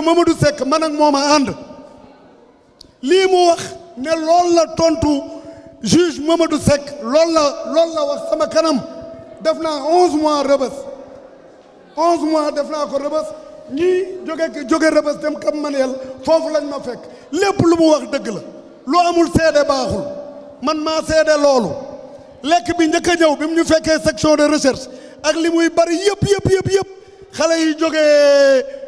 bureau Mamadou Seck man ak moom a ànd lii mu wax ne loolu la tontu juge Mamadou Seck loolu la loolu la wax sama kanam def naa onze mois rëbës onze mois def naa ko rëbës ñii jóge jóge rëbës dem kam manuel foofu lañ ma fekk lépp lu mu wax dëgg la lu amul seede baaxul man maa seede loolu lekk bi njëkk a ñëw bi mu ñu fekkee section de recherche ak li muy bari yëpp yëpp yëpp yëpp yi jógee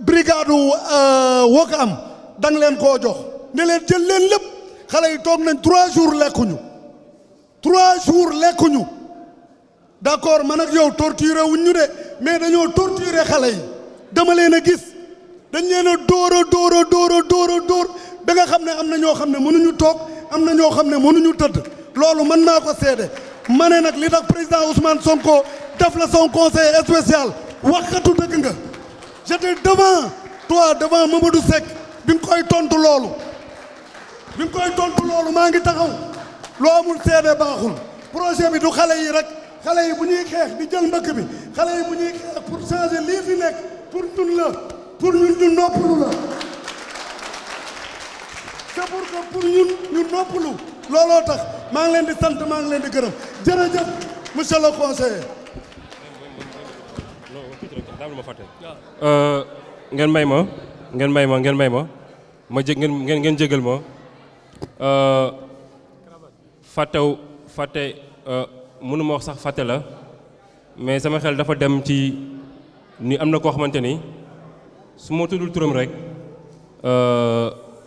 brigade euh, woo ko am da nga leen koo jox ne leen jël leen lépp xale yi toog nañ trois jours lekkuñu trois jours lekkuñu d'accord man ak yow torturé wuñ ñu de mais dañoo torturé xale yi dama leen a gis dañ leen a dóor a dóor a dóor a dóor a nga xam ne am na ñoo xam ne mënuñu toog am na ñoo xam ne mënuñu tëdd loolu mën naa ko seede ma ne nag li tax président Ousmane Sonko def la son conseil spécial waxatu dëgg nga j'étais devant toi devant du Seck bi nga koy tontu loolu bi nga koy tontu loolu maa ngi taxaw loo amul seede baaxul projet bi du xale yi rek xale yi bu ñuy xeex di jël mbëkk bi xale yi bu ñuy xeex pour changer lii fi nekk pour ñun la pour ñun ñu noppalu la c'est pour que pour ñun ñu noppalu looloo tax maa ngi leen di sant maa ngi leen di gërëm jërëjëf monsieur le conseiller daam lu ma fàtte euh, ngeen may ma ngeen may ma ngeen may ma ma jég ngeen ngeen ngeen jégal ma euh, fàttew fàtte euh, mënuma sax fàtte la mais sama xel dafa dem ci ni am na koo xamante ni su ma tuddul turam rek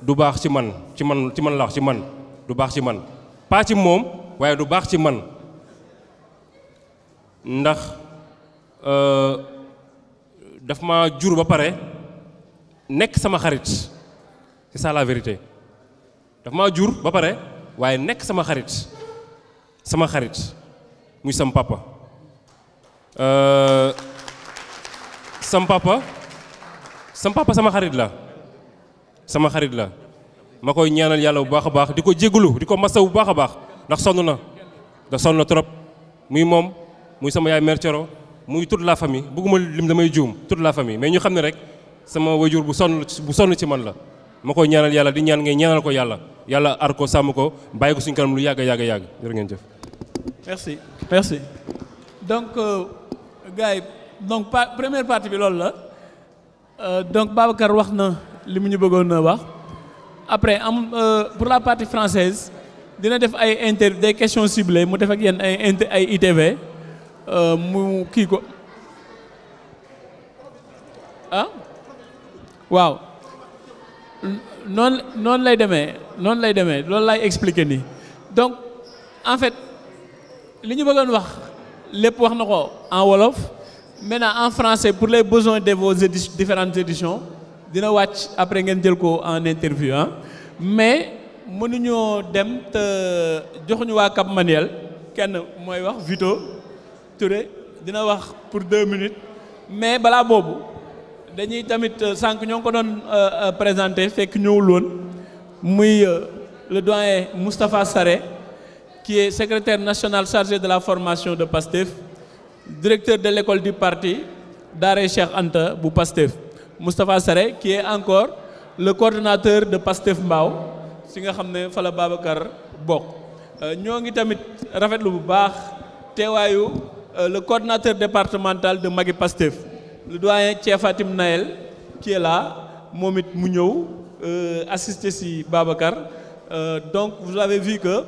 du baax ci man ci man ci man la wax ci man du baax ci man pas ci moom waaye du baax ci man ndax daf ma jur ba pare nekk sama xarit c'est ça la jur ba pare waaye nekk sama xarit sama xarit muy sam papa euh, sam papa sam sama xarit la sama xarit la ma koy ñaanal yàlla bu baax a baax di ko jégalu di ko masa bu baax a baax ndax sonn na da sonn na trop muy moom muy sama yaay mère muy toute la famille bëgguma lim damay juum toute la famille mais ñu xam ne rek sama wajur bu sonn bu sonn ci man la ma koy ñaanal yàlla di ñaan ngay ñaanal ko yàlla yàlla ar ko sàmm ko bàyyi ko suñu kanam lu yàgg yàgg yàgg jërë ngeen jëf. merci merci donc euh, gars yi donc première partie bi loolu la euh, donc Babacar wax na li mu ñu bëggoon na wax après am euh, pour la partie française dina def ay inter des question ciblées mu def ak yéen ay ay ITV. Euh, mu kii ko ah waaw noonu noonu lay demee noonu lay demee loolu lay expliquer nii donc en fait li ñu bëggoon wax lépp wax na ko en wolof maintenant en français pour les besoins de vos éditions différentes éditions dina wàcc après ngeen jël ko en interview ah mais mënuñoo dem te joxuñu waa Cap Manuel kenn mooy wax Vito Touré dina wax pour deux minutes mais balaa boobu dañuy tamit euh, sànq ñoo ngi ko doon euh, euh, présenté fekk ñëwul woon muy le doyen Moustapha Sarré qui est national chargé de la formation de PASTEF directeur de l'école du partie Daare Cheikh Anta bu PASTEF Moustapha Sarré qui encore le coordonnateur de PASTEF Mbao si nga xam ne fa la Babacar bokk ñoo ngi tamit rafetlu bu baax teewaayu Euh, le coordinateur départemental de Magui Pastef le doyen Thiéfatim Naël qui est là moom it mu ñëw euh, assister ci Babacar euh, donc vous avez vu que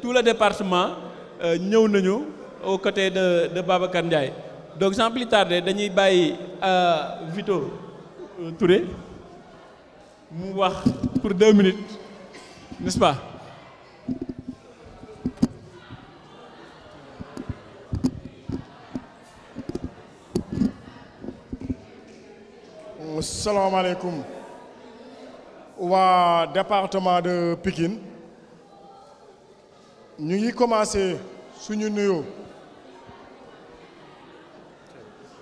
tout le département ñëw nañu aux côtés de de Babacar Ndiaye donc sans plus dañuy bàyyi Vito Touré mu wax pour deux minutes nest salaamaaleykum waa département de Pikine ñu ngi commencé suñu nuyoo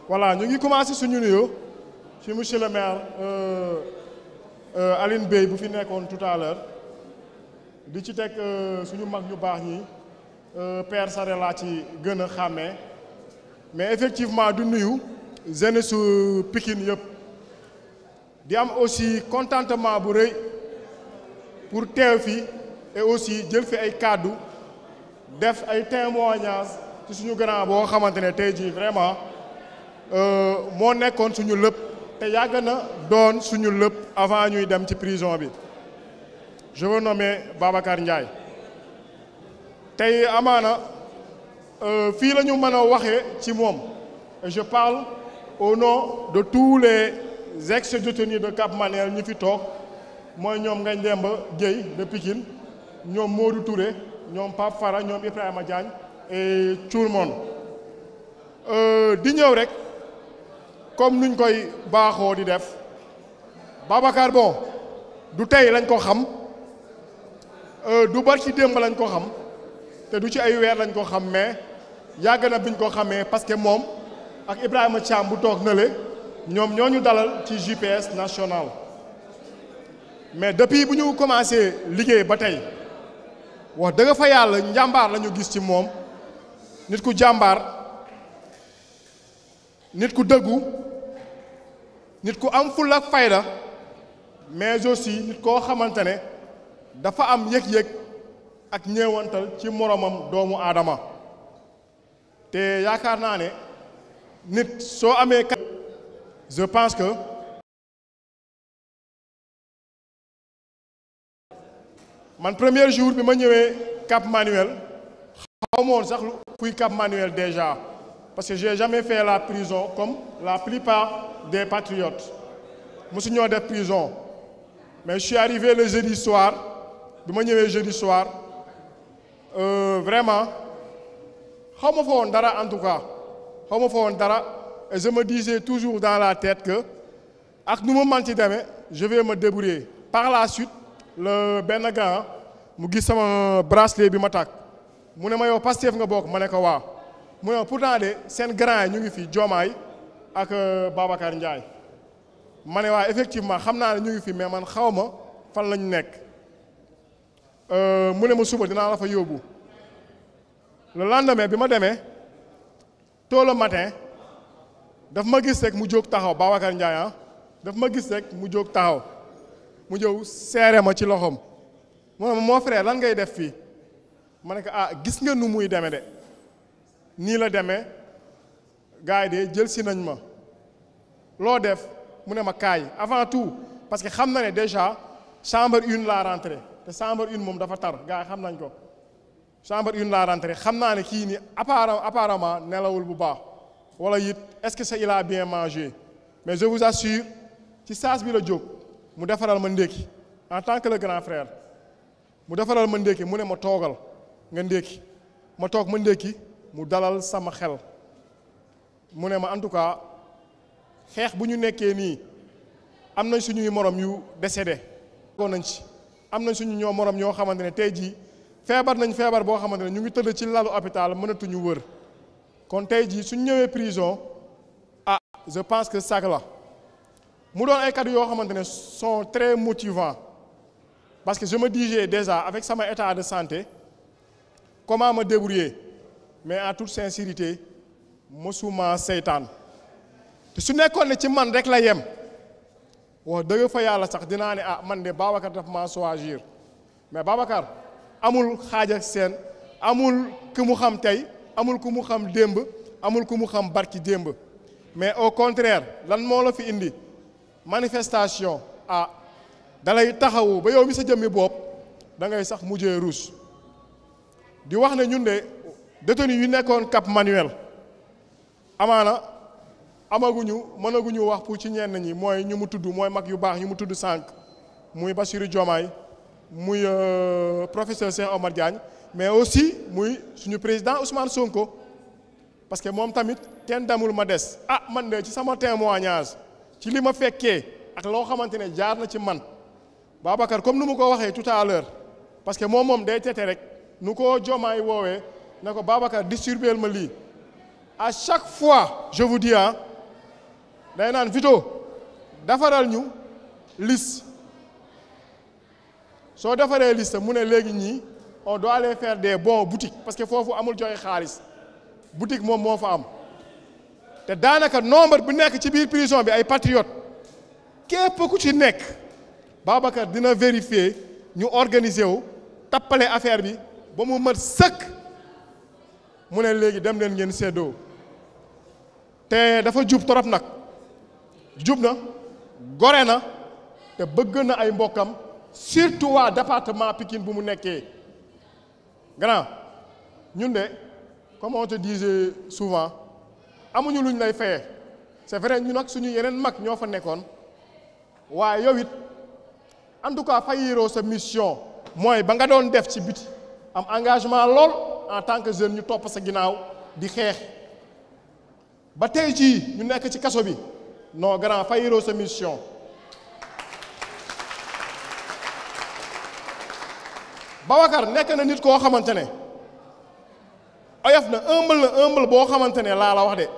voilà ñu ngi commencé suñu nuyoo ci monsieur le maire euh, euh, Aline Bey bu fi nekkoon tout à l'heure di ci teg euh, suñu mag ñu baax ñi Père Sare laa ci gën a xàmmee mais effectivement du nuyu jeunesse su Pikine yëpp. di am aussi contentement bu rëy pour teew fi et aussi jël fi ay kàddu def ay témoignages ci suñu grand boo xamante ne tey jii vraiment euh, moo nekkoon suñu lëpp te yàgg na doon suñu lëpp avant ñuy dem ci prison bi je veux nommer Babacar Ndiaye tey amaana euh, fii la ñu mën a waxee ci moom je parle au nom de tous ex détenus de Cap Manuel ñi fi toog mooy ñoom Ngagne Demba Guèye de Pikine ñoom Modou Touré ñoom Pape Fara ñoom Ibrahima Diagne et tout euh, di ñëw rek comme nuñ koy baaxoo di def Babacar bon du tey lañ ko xam euh, du bari ci démb lañ ko xam te du ci ay weer lañ ko xam mais yàgg na biñ ko xamee parce que moom ak Ibrahima Thiam bu toog na ñoom ñoo ñu dalal ci GPS national mais depuis bu ñu commencé liggéey ba tey wax dëgg fa yàlla njàmbaar la gis ci moom nit ku jàmbaar nit ku dëggu nit ku am fulla ak fayda mais aussi nit koo xamante ne dafa am yëg-yëg ak ñëwantal ci moroomam doomu aadama te yaakaar naa ne nit soo amee. je pense que man première jour bi ma ñëwee Cap Manuel xaw ma woon sax kuy Cap Manuel déjà parce que j'ai jamais fait la prison comme la plupart des patriotes mosu ñoo def prison mais je suis arrivé le jeudi soir bi ma ñëwee jeudi soir euh, vraiment xaw ma fa woon dara en tout cas xaw ma fa woon dara. et je me toujours dans la tête que ak nu mu manti demee je vais me débrouiller par la suite le benn gars mu gis sama bracelet bi ma takk mu ne ma yow Pastef nga bokk ma ne ko waa mu ne pourtant de seen grand yi ñu ngi fi joomaay ak euh, Babacar Ndiaye ma ne waa effectivement xam naa ne ñu ngi fi mais man xaw ma fan la ñu nekk euh, mu ne ma suba dinaa la fa yóbbu le lendemain bi ma demee tôt le matin. daf ma gis rek mu jóg taxaw Babacar Ndiaye ah daf ma gis rek mu jóg taxaw mu jëw seere ma ci loxoom moom moo frère lan ngay def fii ma ne ko ah gis nga nu muy deme de nii la demee gars yi de jël si nañ ma loo def mu ne ma kaay avant tout parce que xam na ne déjà chambre une la rentrée te chambre une moom dafa tar gars yi xam nañ ko chambre une laa rentrée xam naa ne kii nii apparemment apparemment nelawul bu baax wala it est-ce que ça la a bien mangé mais je vous assure ci saas bi la jóg mu defaral ma ndékki en tant que le grand frère mu defaral ma ndékki mu ne ma toogal nga ndékki ma toog ma ndékki mu dalal sama xel mu ne ma en tout cas xeex bu ñu nekkee nii am nañ suñuy morom yu décédé ko nañ ci am nañ suñu ñoo morom ñoo xamante ne tey jii feebar nañ feebar boo xamante ne ñu ngi tëdd ci lalu hôpital mënatuñu wër kon tey jii suñ ñëwee prison ah je pense que sac la mu doon ay kàddu yoo xamante ne sont très motivants parce que je ma disais déjà avec sama état de santé comment ma débrouiller mais en toute sincérité mosuma seytaan te su nekkoon ne ci man rek la yem wax dëgg fa yàlla sax dinaa ne ah man de Babacar daf maa choisir mais Babacar amul xaaj ak seen amul ki mu xam tey amul ku mu xam démb amul ku mu xam barki démb mais au contraire lan moo la fi indi manifestation ah dalay taxawu ba yow mi sa jëmmi bopp da ngay sax mujjee ruus di wax na ñun de détenu yu nekkoon Cap Manuel amaana amaguñu mënaguñu wax pour ci ñenn ñi mooy ñu mu tudd mooy mag yu baax ñu mu tudd sànq muy Bassirou Diomaye muy euh, professeur Cheikh Omar Diagne mais aussi muy suñu président Ousmane Sonko parce que moom tamit kenn damul ma des ah man de ci sama témoignage ci li ma fekkee ak loo xamante ne jaar na ci man Babacar comme nu mu ko waxee tout à l'heure parce que moom moom day tete rek nu koo jomaay woowe na ko Babacar disturbeel ma lii à chaque fois je vous dis ah day naan Vito defaral ñu liste soo defaree liste mu ne léegi ñii on doit aller faire des bons boutiques parce que foofu amul joxe xaalis boutique moom moo fa am te daanaka nombre bu nekk ci biir prison bi ay patriotes képp ku ci nekk Babacar dina vérifier ñu organiser wu tappale affaire bi ba mu mat sëkk mu ne léegi dem leen ngeen séddoo te dafa jub torop nag jub na gore na te bëgg na ay mbokkam surtout waa département pikin bu mu nekkee grand ñun de comme on te disait souvent amuñu luñ lay fayee c'est vrai ñu nag suñu yeneen mag ñoo fa nekkoon waaye yow it en tout cas fayiroo sa mission mooy ba nga doon def ci biti am engagement lool en tant que jeune ñu topp sa ginnaaw di xeex ba tey jii ñu nekk ci kaso bi no grand fayiroo sa mission Babacar nekk na nit koo xamante ne oyof na humble na humble boo xamante ne laa la wax de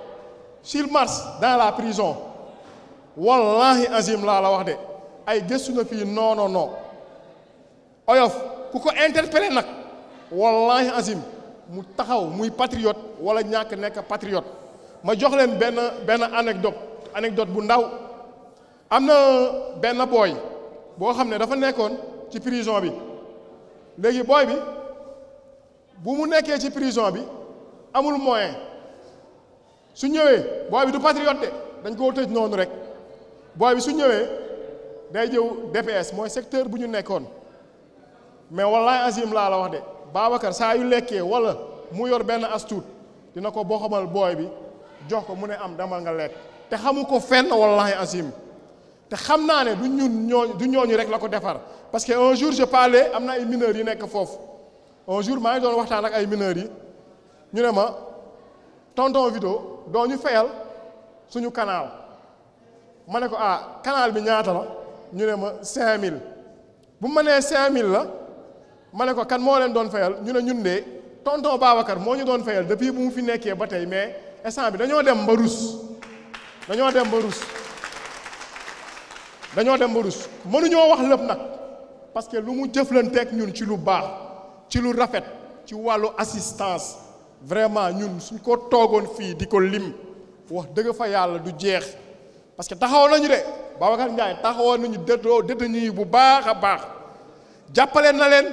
s'il marche dans la prison wallahi azim laa la wax de ay gëstu nga fii non non oyof ku ko interpellé nag wallahi azim mu taxaw muy patriote wala ñàkk nekk patriote ma jox leen benn benn anecdote anecdote bu ndaw am na benn booy boo xam ne dafa nekkoon ci prison bi léegi booy bi bu mu nekkee ci prison bi amul moyen su ñëwee booy bi du patriote dañ koo tëj noonu rek booy bi su ñëwee day jëw DPS mooy secteur bu ñu nekkoon mais wallaay azim laa la wax de Babacar saa yu lekkee wala mu yor benn astuut dina ko boo xamal booy bi jox ko mu ne am damal nga lekk te xamu ko fenn wallahi azim te xam naa ne du ñun ñooñu ñooñu rek la ko defar parce que un jour je parlais am na ay mineurs yi nekk foofu un jour maa ngi doon waxtaan ak ay mineurs yi ñu ne ma tonton Vito doo ñu fayal suñu canal ma ne ko ah kanaal bi ñaata la ñu ne ma cinq 5000 bu ma nee cinq 5000 la ma ne ko kan moo leen doon fayal ñu ne ñun de tonton Babacar moo ñu doon fayal depuis bu mu fi nekkee ba tey mais instant bi dañoo dem ba rus dañoo dem ba rus. dañoo dem ba mënuñoo wax lépp nag parce que lu mu jëflanteeg ñun ci lu baax ci lu rafet ci wàllu assistance vraiment ñun suñ ko toogoon fii di ko lim wax dëgg fa yàlla du jeex parce que taxaw nañu de Babacar Ndiaye taxawoon nañu détoo détenu yi bu baax a baax jàppale na leen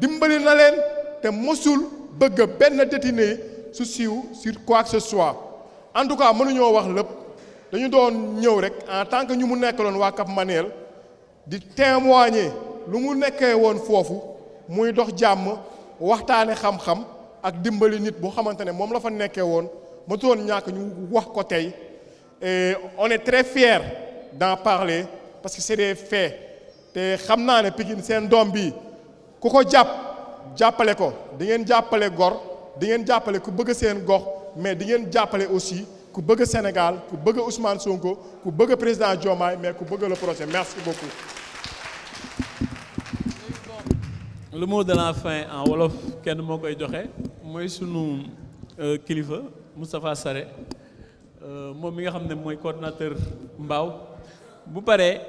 dimbali na leen te mosul bëgg benn détenu su siiw sur quoi que ce soit en tout cas mënuñoo wax lépp dañu doon ñëw rek en tant que ñu mu loon waa Cap Manuel di témoigner lu mu nekkee woon foofu muy dox jàmm waxtaane xam-xam ak dimbali nit boo xamante ne moom la fa nekkee woon ma ñàkk ñu wax ko tey et on est très fier d'en parler parce que c'est des faits te xam naa ne Pikine seen doom bi ku ko jàpp jàppale ko di ngeen jàppale gor di ngeen jàppale ku bëgg seen gox mais di ngeen jàppale aussi ku bëgg Sénégal ku bëgg Ousmane Sonko ku bëgg président Diomaye mais ku bëgg le projet merci beaucoup. le mot de fin en wolof kenn moo koy joxe mooy sunu euh, kilifa Moustapha Sarré euh, moom mi nga xam ne mooy coordonnateur Mbao bu paree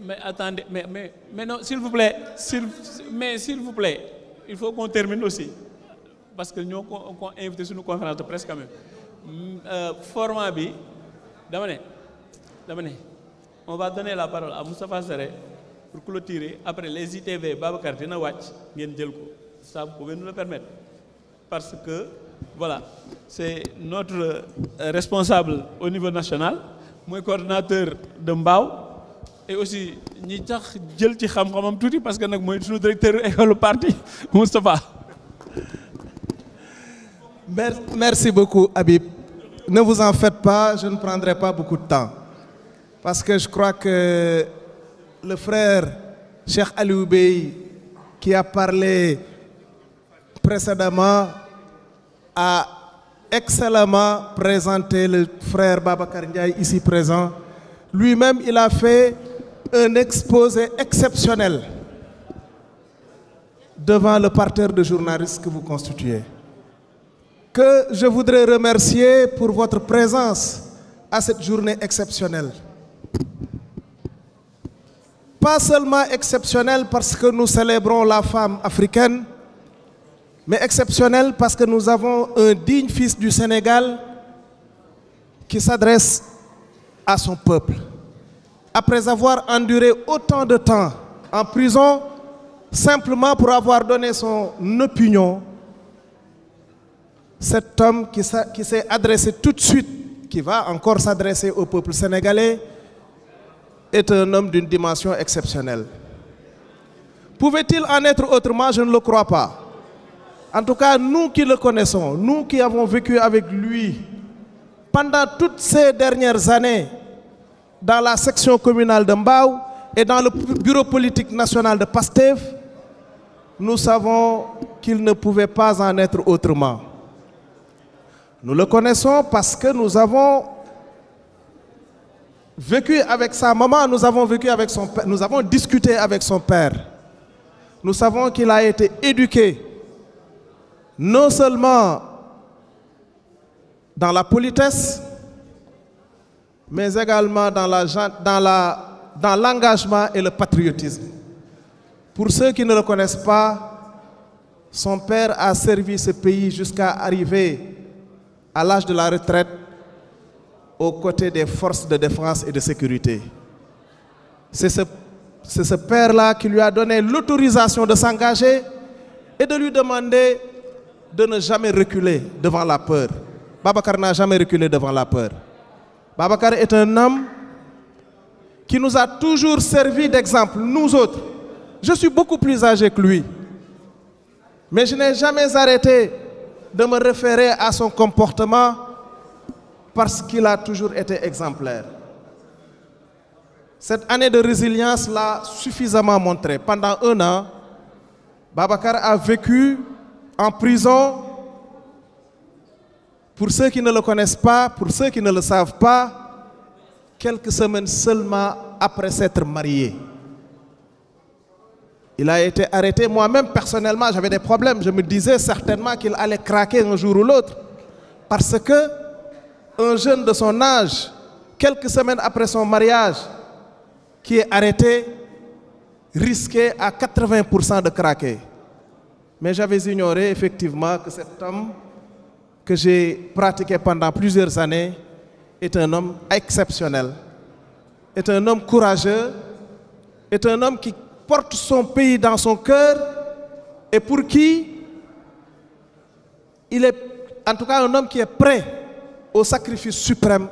mais attendez mais mais mais non s'il vous mais s'il il faut qu'on termine aussi. parce que ñoo ko ko invité suñu conférence de presse quand même mm, euh, format bi dama ne dama ne on va donner la parole à Moustapha Sarré pour clôturer après les ITV Babacar dina wàcc ngeen jël ko ça vous pouvez nous le permettre parce que voilà c'est notre euh, responsable au niveau national mooy coordinateur de Mbao et aussi ñi tax jël ci xam-xamam tuuti parce que nag mooy suñu directeur école parti Moustapha Merci beaucoup, Habib. Ne vous en faites pas, je ne prendrai pas beaucoup de temps. Parce que je crois que le frère Cheikh Alioubey, qui a parlé précédemment, a excellemment présenté le frère Babacar Ndiaye ici présent. Lui-même, il a fait un exposé exceptionnel devant le parterre de journalistes que vous constituez. que je voudrais remercier pour votre présence à cette journée exceptionnelle. Pas seulement exceptionnelle parce que nous célébrons la femme africaine, mais exceptionnelle parce que nous avons un digne fils du Sénégal qui s'adresse à son peuple. Après avoir enduré autant de temps en prison, simplement pour avoir donné son opinion cet homme qui s'est adressé tout de suite, qui va encore s'adresser au peuple sénégalais, est un homme d'une dimension exceptionnelle. Pouvait-il en être autrement Je ne le crois pas. En tout cas, nous qui le connaissons, nous qui avons vécu avec lui pendant toutes ces dernières années dans la section communale de Mbao et dans le bureau politique national de PASTEF, nous savons qu'il ne pouvait pas en être autrement. Nous le connaissons parce que nous avons vécu avec sa maman, nous avons vécu avec son père, nous avons discuté avec son père. Nous savons qu'il a été éduqué non seulement dans la politesse, mais également dans la, dans la, dans l'engagement et le patriotisme. Pour ceux qui ne le connaissent pas, son père a servi ce pays jusqu'à arriver à l'âge de la retraite aux côtés des forces de défense et de sécurité. C'est ce, ce père-là qui lui a donné l'autorisation de s'engager et de lui demander de ne jamais reculer devant la peur. Babacar n'a jamais reculé devant la peur. Babacar est un homme qui nous a toujours servi d'exemple, nous autres. Je suis beaucoup plus âgé que lui, mais je n'ai jamais arrêté de me référer à son comportement parce qu'il a toujours été exemplaire. Cette année de résilience l'a suffisamment montré. Pendant un an, Babacar a vécu en prison. Pour ceux qui ne le connaissent pas, pour ceux qui ne le savent pas, quelques semaines seulement après s'être marié. Il a été arrêté. même personnellement, j'avais des problèmes. Je me disais certainement qu'il allait craquer un Parce que un jeune de son âge, quelques semaines son mariage, qui est arrêté, risquait à 80% de craquer. Mais j'avais ignoré effectivement que cet homme que j'ai pratiqué pendant plusieurs un homme exceptionnel, est porte son pays dans son cœur et pour qui il est en tout cas un homme qui est prêt au sacrifice suprême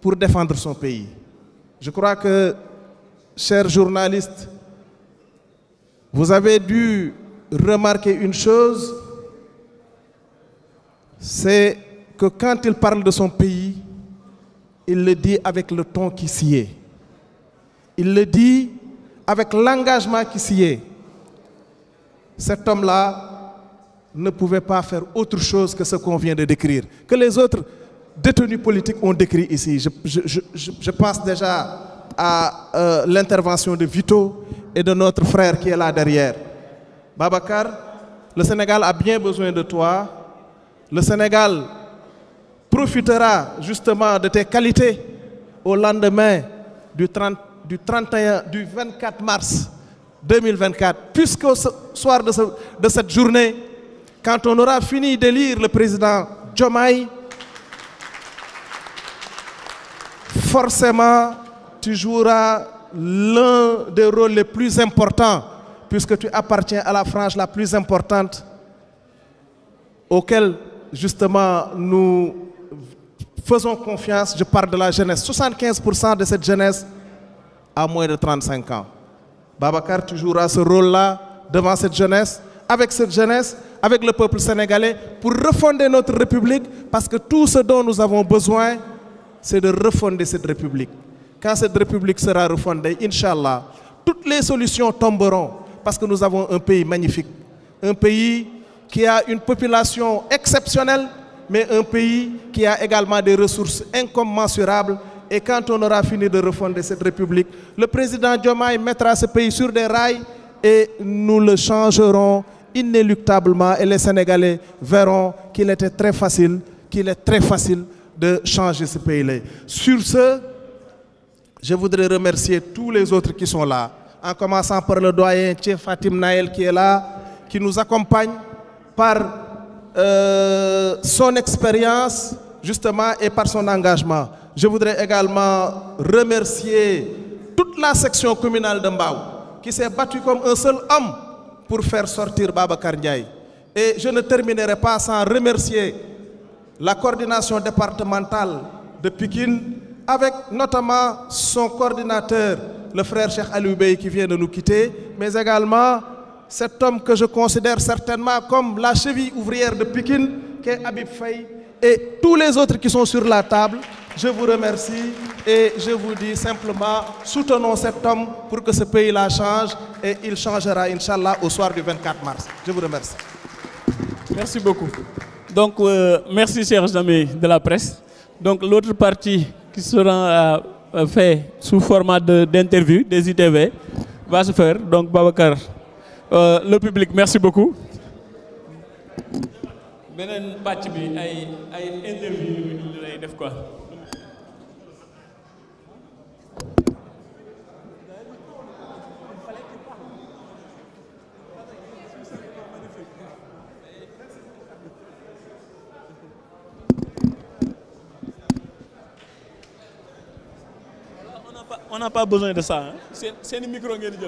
pour défendre son pays. Je crois que, chers journaliste vous avez dû remarquer une chose, c'est que quand il parle de son pays, il le dit avec le ton qui s'y est. Il le dit avec l'engagement qui s'y est, cet homme-là ne pouvait pas faire autre chose que ce qu'on vient de décrire, que les autres détenus politiques ont décrit ici. Je, je, je, pense déjà à euh, l'intervention de Vito et de notre frère qui est là derrière. Babacar, le Sénégal a bien besoin de toi. Le Sénégal profitera justement de tes qualités au lendemain du 30 du 31 du 24 mars 2024 puisqu'au soir de, ce, de cette journée quand on aura fini d'élire le président Diomaye forcément tu joueras l'un des rôles les plus importants puisque tu appartiens à la frange la plus importante auquel justement nous faisons confiance je parle de la jeunesse 75 pour cent de cette à moins de 35 ans. Babacar toujours a ce rôle-là devant cette jeunesse, avec cette avec le peuple sénégalais, pour refonder notre République, parce que tout ce dont nous avons besoin, c'est de refonder cette République. Quand cette République sera refondée, Inch'Allah, les solutions tomberont, parce que nous avons un pays magnifique, un une population exceptionnelle, mais un pays qui a également des ressources incommensurables Et quand on aura fini de refonder cette République, le président Diomaye mettra ce pays sur des rails et nous le changerons inéluctablement et les Sénégalais verront qu'il était très facile, qu'il est très facile de changer ce pays-là. Sur ce, je voudrais remercier tous les autres qui sont là, en commençant par le doyen Tché Fatim Naël qui est là, nous accompagne par euh, son expérience justement et par son engagement. Je voudrais également remercier toute la section communale de Mbao qui s'est battue comme un seul homme pour faire sortir Babacar Ndiaye. Et je ne terminerai pas sans remercier la coordination départementale de Pikine avec notamment son coordinateur, le frère Cheikh Aliou Bey qui vient de nous quitter, mais également cet homme que je considère certainement comme la cheville ouvrière de Pikine, qui est Habib Faye, et tous les autres qui sont sur la table. Je vous remercie et je vous dis simplement, pour que ce change et il changera, Inch'Allah, au soir du 24 mars. Je vous remercie. Merci beaucoup. Donc, euh, merci, chers la presse. Donc, l'autre partie qui sera euh, faite sous format des Donc, Babacar, euh, le public, merci beaucoup. beneen pàcc bi ay on n'a pas besoin de ça seen seen micro ngeen di